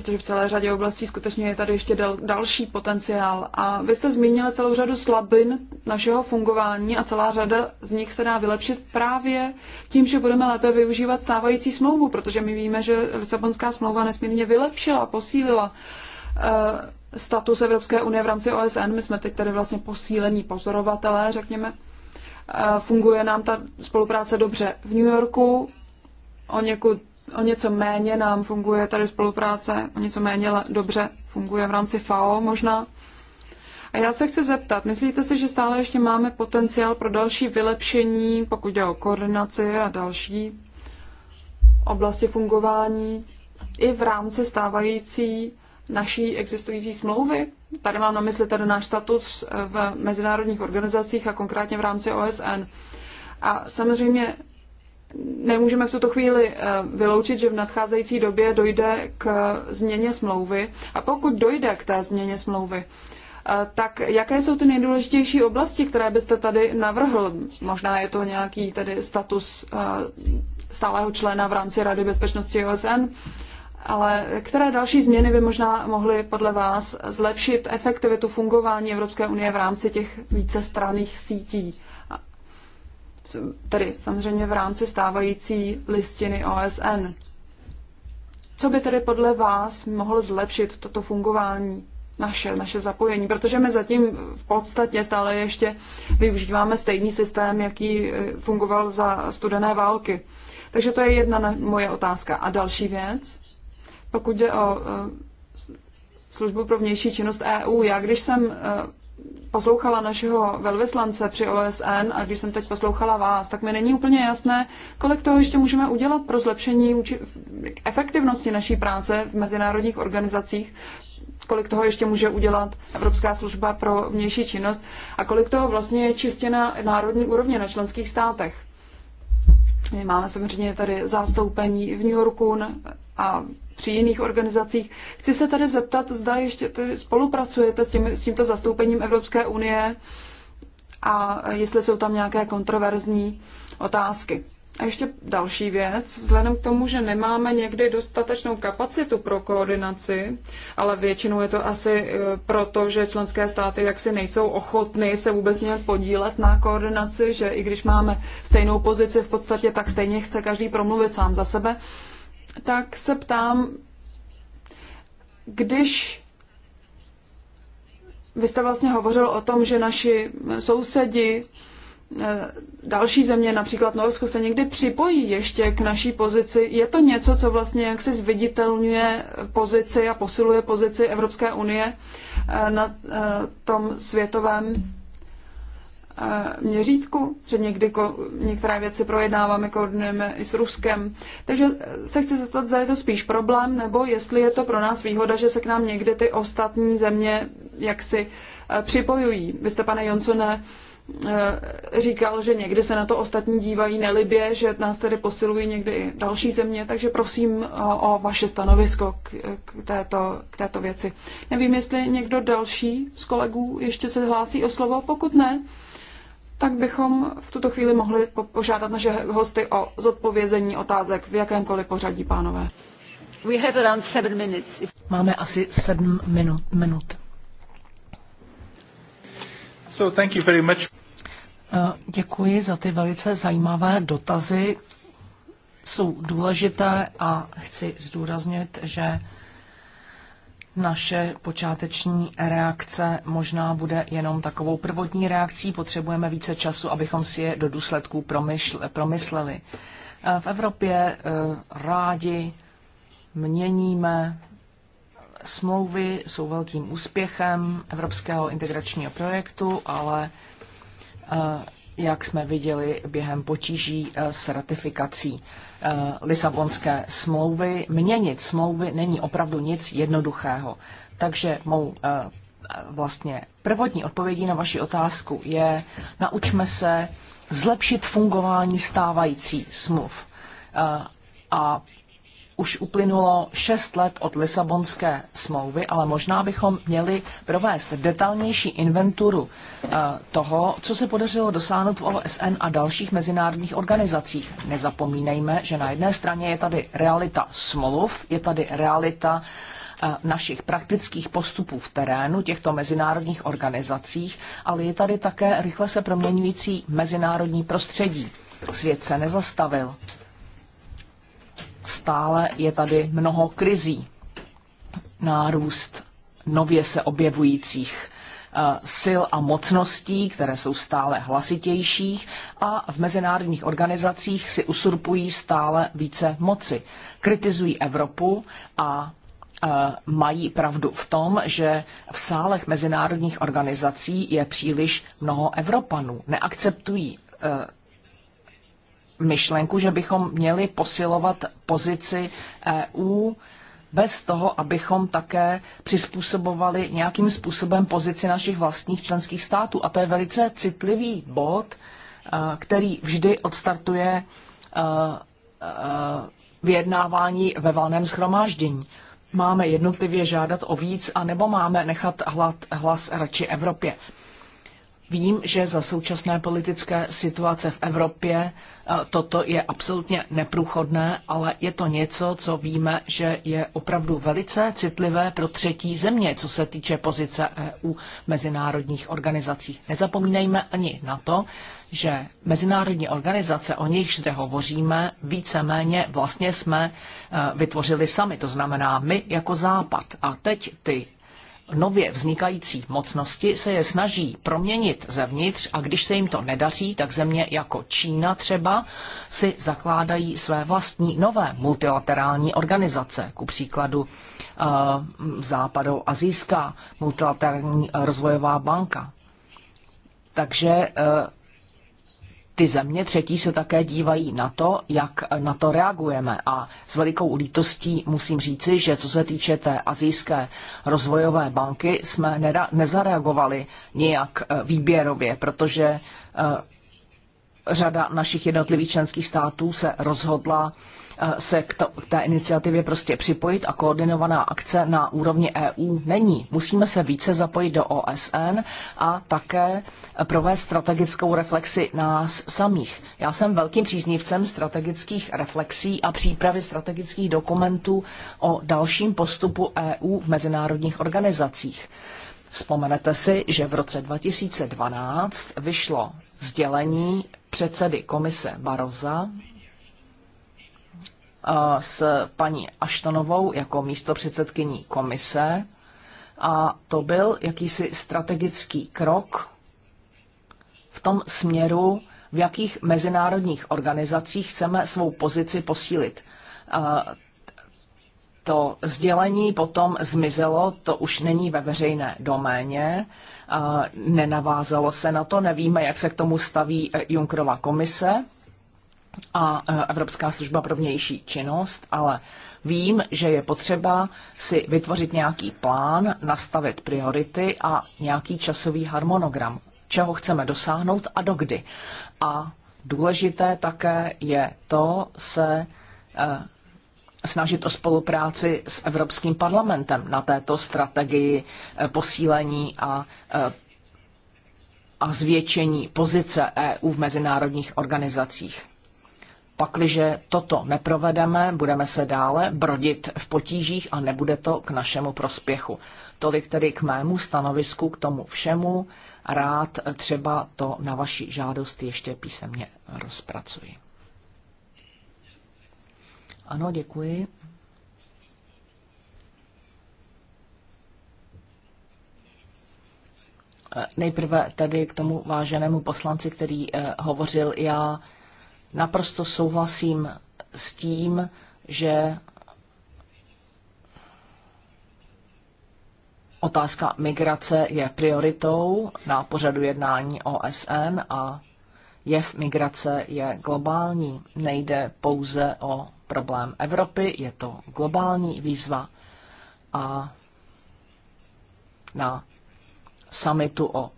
protože v celé řadě oblastí skutečně je tady ještě dal, další potenciál. A vy jste zmínili celou řadu slabin našeho fungování a celá řada z nich se dá vylepšit právě tím, že budeme lépe využívat stávající smlouvu, protože my víme, že Lisabonská smlouva nesmírně vylepšila, posílila uh, status Evropské unie v rámci OSN. My jsme teď tady vlastně posílení pozorovatelé, řekněme. Uh, funguje nám ta spolupráce dobře v New Yorku, o někud O něco méně nám funguje tady spolupráce, o něco méně dobře funguje v rámci FAO možná. A já se chci zeptat, myslíte si, že stále ještě máme potenciál pro další vylepšení, pokud jde o koordinaci a další oblasti fungování, i v rámci stávající naší existující smlouvy? Tady mám na mysli tedy náš status v mezinárodních organizacích a konkrétně v rámci OSN. A samozřejmě nemůžeme v tuto chvíli eh, vyloučit, že v nadcházející době dojde k změně smlouvy. A pokud dojde k té změně smlouvy, eh, tak jaké jsou ty nejdůležitější oblasti, které byste tady navrhl? Možná je to nějaký tedy status eh, stálého člena v rámci Rady bezpečnosti OSN, ale které další změny by možná mohly podle vás zlepšit efektivitu fungování Evropské unie v rámci těch vícestranných sítí? tedy samozřejmě v rámci stávající listiny OSN. Co by tedy podle vás mohl zlepšit toto fungování naše, naše zapojení, protože my zatím v podstatě stále ještě využíváme stejný systém, jaký eh, fungoval za studené války. Takže to je jedna moje otázka. A další věc, pokud jde o eh, službu pro vnější činnost EU, já když jsem eh, poslouchala našeho velvyslance při OSN a když jsem teď poslouchala vás, tak mi není úplně jasné, kolik toho ještě můžeme udělat pro zlepšení efektivnosti naší práce v mezinárodních organizacích, kolik toho ještě může udělat Evropská služba pro vnější činnost a kolik toho vlastně je čistě na národní úrovni, na členských státech. My máme samozřejmě tady zástoupení v New Yorku, a při jiných organizacích. Chci se tady zeptat, zda ještě tady spolupracujete s, tím, s tímto zastoupením Evropské unie a jestli jsou tam nějaké kontroverzní otázky. A ještě další věc, vzhledem k tomu, že nemáme někdy dostatečnou kapacitu pro koordinaci, ale většinou je to asi e, proto, že členské státy jaksi nejsou ochotny se vůbec nějak podílet na koordinaci, že i když máme stejnou pozici v podstatě, tak stejně chce každý promluvit sám za sebe tak se ptám, když vy jste vlastně hovořil o tom, že naši sousedi, eh, další země, například Norsko, se někdy připojí ještě k naší pozici. Je to něco, co vlastně jak se zviditelňuje pozici a posiluje pozici Evropské unie eh, na eh, tom světovém měřítku, že někdy ko, některé věci projednáváme, koordinujeme i s Ruskem. Takže se chci zeptat, zda je to spíš problém, nebo jestli je to pro nás výhoda, že se k nám někdy ty ostatní země jaksi e, připojují. Vy jste, pane Jonsone, e, říkal, že někdy se na to ostatní dívají nelibě, že nás tedy posilují někdy i další země, takže prosím o vaše stanovisko k, k, této, k této věci. Nevím, jestli někdo další z kolegů ještě se hlásí o slovo, pokud ne, tak bychom v tuto chvíli mohli požádat naše hosty o zodpovězení otázek v jakémkoliv pořadí, pánové. We have around seven minutes. Máme asi sedm minut. minut. So thank you very much. Eh, děkuji za ty velice zajímavé dotazy. Jsou důležité a chci zdůraznit, že naše počáteční reakce možná bude jenom takovou prvotní reakcí. Potřebujeme více času, abychom si je do důsledků promysleli. Eh, v Evropě eh, rádi měníme smlouvy, jsou velkým úspěchem evropského integračního projektu, ale eh, jak jsme viděli během potíží eh, s ratifikací eh, Lisabonské smlouvy. Měnit smlouvy není opravdu nic jednoduchého. Takže mou eh, vlastně prvotní odpovědí na vaši otázku je, naučme se zlepšit fungování stávající smluv a už uplynulo šest let od Lisabonské smlouvy, ale možná bychom měli provést detailnější inventuru eh, toho, co se podařilo dosáhnout v OSN a dalších mezinárodních organizacích. Nezapomínejme, že na jedné straně je tady realita smluv, je tady realita eh, našich praktických postupů v terénu těchto mezinárodních organizacích, ale je tady také rychle se proměňující mezinárodní prostředí. Svět se nezastavil stále je tady mnoho krizí. Nárůst nově se objevujících eh, sil a mocností, které jsou stále hlasitějších a v mezinárodních organizacích si usurpují stále více moci. Kritizují Evropu a eh, mají pravdu v tom, že v sálech mezinárodních organizací je příliš mnoho Evropanů. Neakceptují eh, myšlenku, že bychom měli posilovat pozici EU bez toho, abychom také přizpůsobovali nějakým způsobem pozici našich vlastních členských států. A to je velice citlivý bod, e, který vždy odstartuje e, e, vyjednávání ve valném schromáždění. Máme jednotlivě žádat o víc, anebo máme nechat hlas radši Evropě. Vím, že za současné politické situace v Evropě eh, toto je absolutně neprůchodné, ale je to něco, co víme, že je opravdu velice citlivé pro třetí země, co se týče pozice EU v mezinárodních organizacích. Nezapomínejme ani na to, že mezinárodní organizace, o nichž zde hovoříme, víceméně vlastně jsme eh, vytvořili sami, to znamená my jako Západ. A teď ty nově vznikající mocnosti se je snaží proměnit zevnitř a když se jim to nedaří, tak země jako Čína třeba si zakládají své vlastní nové multilaterální organizace, ku příkladu uh, eh, západou azijská multilaterální rozvojová banka. Takže uh, ty země třetí se také dívají na to, jak na to reagujeme. A s velikou lítostí musím říci, že co se týče té azijské rozvojové banky, jsme nezareagovali nijak eh, výběrově, protože eh, řada našich jednotlivých členských států se rozhodla se k, to, k té iniciativě prostě připojit a koordinovaná akce na úrovni EU není. Musíme se více zapojit do OSN a také provést strategickou reflexi nás samých. Já jsem velkým příznivcem strategických reflexí a přípravy strategických dokumentů o dalším postupu EU v mezinárodních organizacích. Vzpomenete si, že v roce 2012 vyšlo sdělení předsedy komise Baroza s paní Aštonovou jako místopředsedkyní komise a to byl jakýsi strategický krok v tom směru, v jakých mezinárodních organizacích chceme svou pozici posílit. To sdělení potom zmizelo, to už není ve veřejné doméně, nenavázalo se na to, nevíme, jak se k tomu staví Junkrova komise a e, Evropská služba pro vnější činnost, ale vím, že je potřeba si vytvořit nějaký plán, nastavit priority a nějaký časový harmonogram, čeho chceme dosáhnout a dokdy. A důležité také je to se e, snažit o spolupráci s Evropským parlamentem na této strategii e, posílení a a zvětšení pozice EU v mezinárodních organizacích. Pakliže toto neprovedeme, budeme se dále brodit v potížích a nebude to k našemu prospěchu. Tolik tedy k mému stanovisku, k tomu všemu. Rád třeba to na vaši žádost ještě písemně rozpracuji. Ano, děkuji. Nejprve tedy k tomu váženému poslanci, který eh, hovořil já Naprosto souhlasím s tím, že otázka migrace je prioritou na pořadu jednání OSN a jev migrace je globální. Nejde pouze o problém Evropy, je to globální výzva. A na samitu o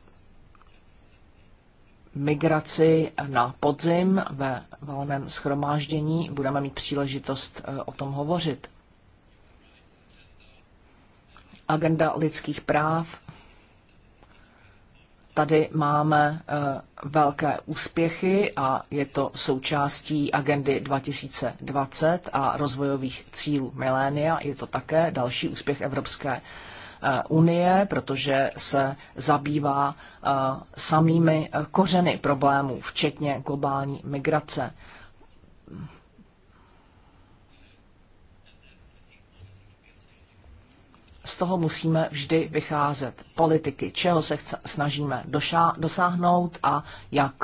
migraci na podzim ve valném schromáždění. Budeme mít příležitost eh, o tom hovořit. Agenda lidských práv. Tady máme eh, velké úspěchy a je to součástí agendy 2020 a rozvojových cílů milénia. Je to také další úspěch Evropské Eh, unie, protože se zabývá eh, samými kořeny problémů, včetně globální migrace. z toho musíme vždy vycházet. Politiky, čeho se chce, snažíme doša- dosáhnout a jak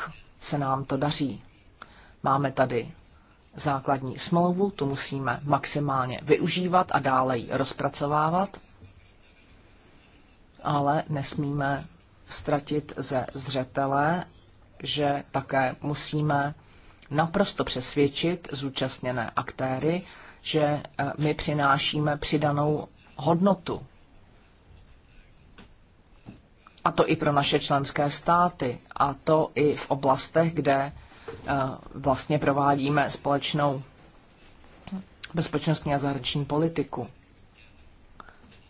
se nám to daří. Máme tady základní smlouvu, tu musíme maximálně využívat a dále ji rozpracovávat ale nesmíme ztratit ze zřetele, že také musíme naprosto přesvědčit zúčastněné aktéry, že eh, my přinášíme přidanou hodnotu. A to i pro naše členské státy, a to i v oblastech, kde eh, vlastně provádíme společnou bezpečnostní a zahraniční politiku.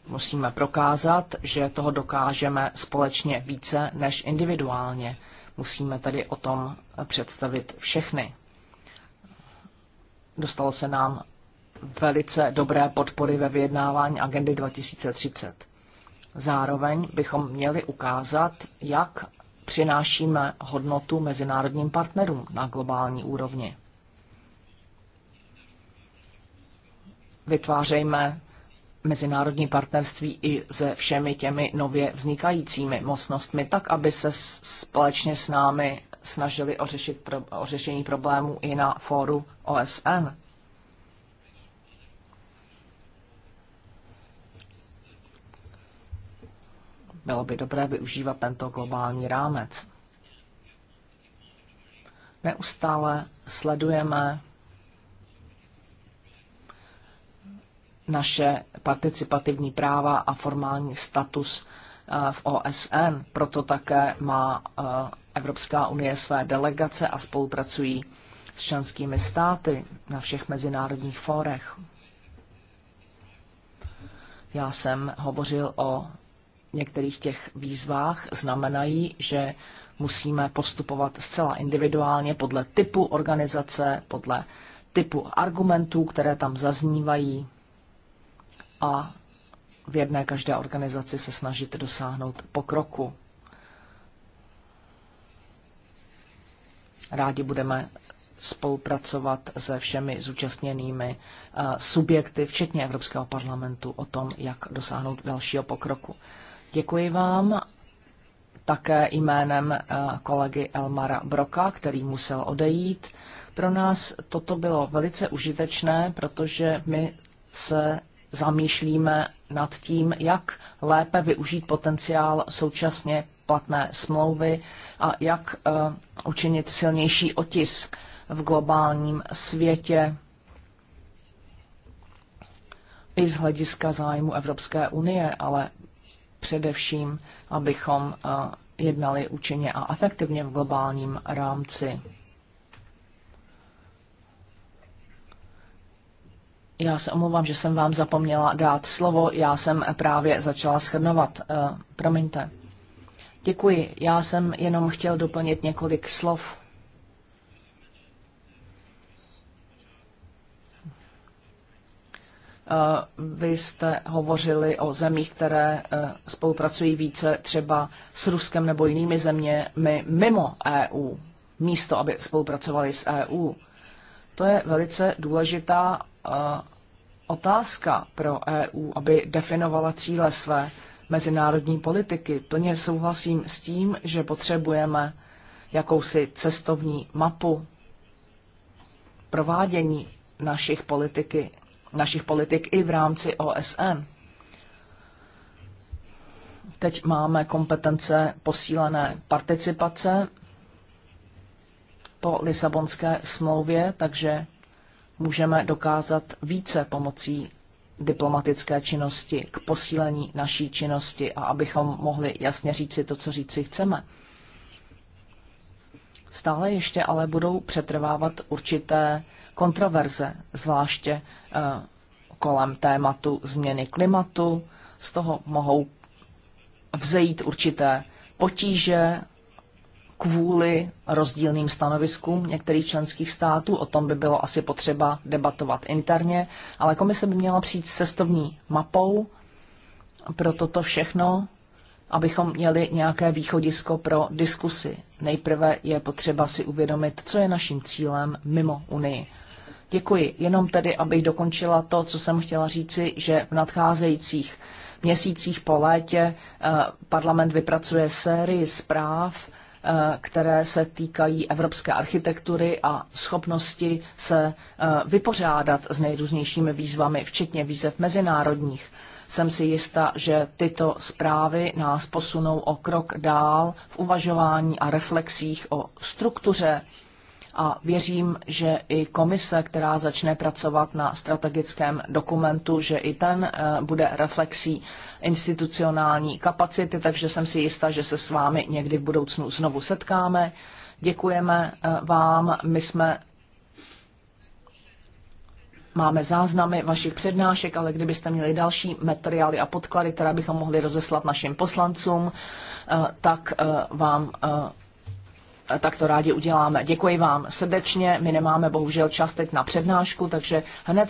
Musíme prokázat, že toho dokážeme společně více než individuálně. Musíme tedy o tom představit všechny. Dostalo se nám velice dobré podpory ve vyjednávání agendy 2030. Zároveň bychom měli ukázat, jak přinášíme hodnotu mezinárodním partnerům na globální úrovni. Vytvářejme mezinárodní partnerství i se všemi těmi nově vznikajícími mocnostmi, tak aby se společně s námi snažili o, řešit pro, o řešení problémů i na fóru OSN. Bylo by dobré využívat tento globální rámec. Neustále sledujeme naše participativní práva a formální status eh, v OSN. Proto také má eh, Evropská unie své delegace a spolupracují s členskými státy na všech mezinárodních fórech. Já jsem hovořil o některých těch výzvách, znamenají, že musíme postupovat zcela individuálně podle typu organizace, podle typu argumentů, které tam zaznívají, a v jedné každé organizaci se snažit dosáhnout pokroku. Rádi budeme spolupracovat se všemi zúčastněnými eh, subjekty, včetně Evropského parlamentu, o tom, jak dosáhnout dalšího pokroku. Děkuji vám také jménem eh, kolegy Elmara Broka, který musel odejít. Pro nás toto bylo velice užitečné, protože my se zamýšlíme nad tím, jak lépe využít potenciál současně platné smlouvy a jak eh, učinit silnější otisk v globálním světě i z hlediska zájmu Evropské unie, ale především, abychom eh, jednali účinně a efektivně v globálním rámci. Já se omlouvám, že jsem vám zapomněla dát slovo. Já jsem právě začala schrnovat. Eh, promiňte. Děkuji. Já jsem jenom chtěl doplnit několik slov. Eh, vy jste hovořili o zemích, které eh, spolupracují více třeba s Ruskem nebo jinými zeměmi mimo EU, místo aby spolupracovali s EU. To je velice důležitá otázka pro EU, aby definovala cíle své mezinárodní politiky. Plně souhlasím s tím, že potřebujeme jakousi cestovní mapu provádění našich, politiky, našich politik i v rámci OSN. Teď máme kompetence posílené participace po Lisabonské smlouvě, takže můžeme dokázat více pomocí diplomatické činnosti k posílení naší činnosti a abychom mohli jasně říci to, co říci chceme. Stále ještě ale budou přetrvávat určité kontroverze, zvláště eh, kolem tématu změny klimatu. Z toho mohou vzejít určité potíže, kvůli rozdílným stanoviskům některých členských států. O tom by bylo asi potřeba debatovat interně, ale komise by měla přijít s cestovní mapou pro toto všechno, abychom měli nějaké východisko pro diskusy. Nejprve je potřeba si uvědomit, co je naším cílem mimo Unii. Děkuji. Jenom tedy, abych dokončila to, co jsem chtěla říci, že v nadcházejících měsících po létě eh, parlament vypracuje sérii zpráv, Eh, které se týkají evropské architektury a schopnosti se eh, vypořádat s nejrůznějšími výzvami, včetně výzev mezinárodních. Jsem si jista, že tyto zprávy nás posunou o krok dál v uvažování a reflexích o struktuře a věřím, že i komise, která začne pracovat na strategickém dokumentu, že i ten eh, bude reflexí institucionální kapacity, takže jsem si jistá, že se s vámi někdy v budoucnu znovu setkáme. Děkujeme eh, vám, my jsme Máme záznamy vašich přednášek, ale kdybyste měli další materiály a podklady, které bychom mohli rozeslat našim poslancům, eh, tak vám tak to rádi uděláme. Děkuji vám srdečně, my nemáme bohužel čas teď na přednášku, takže hned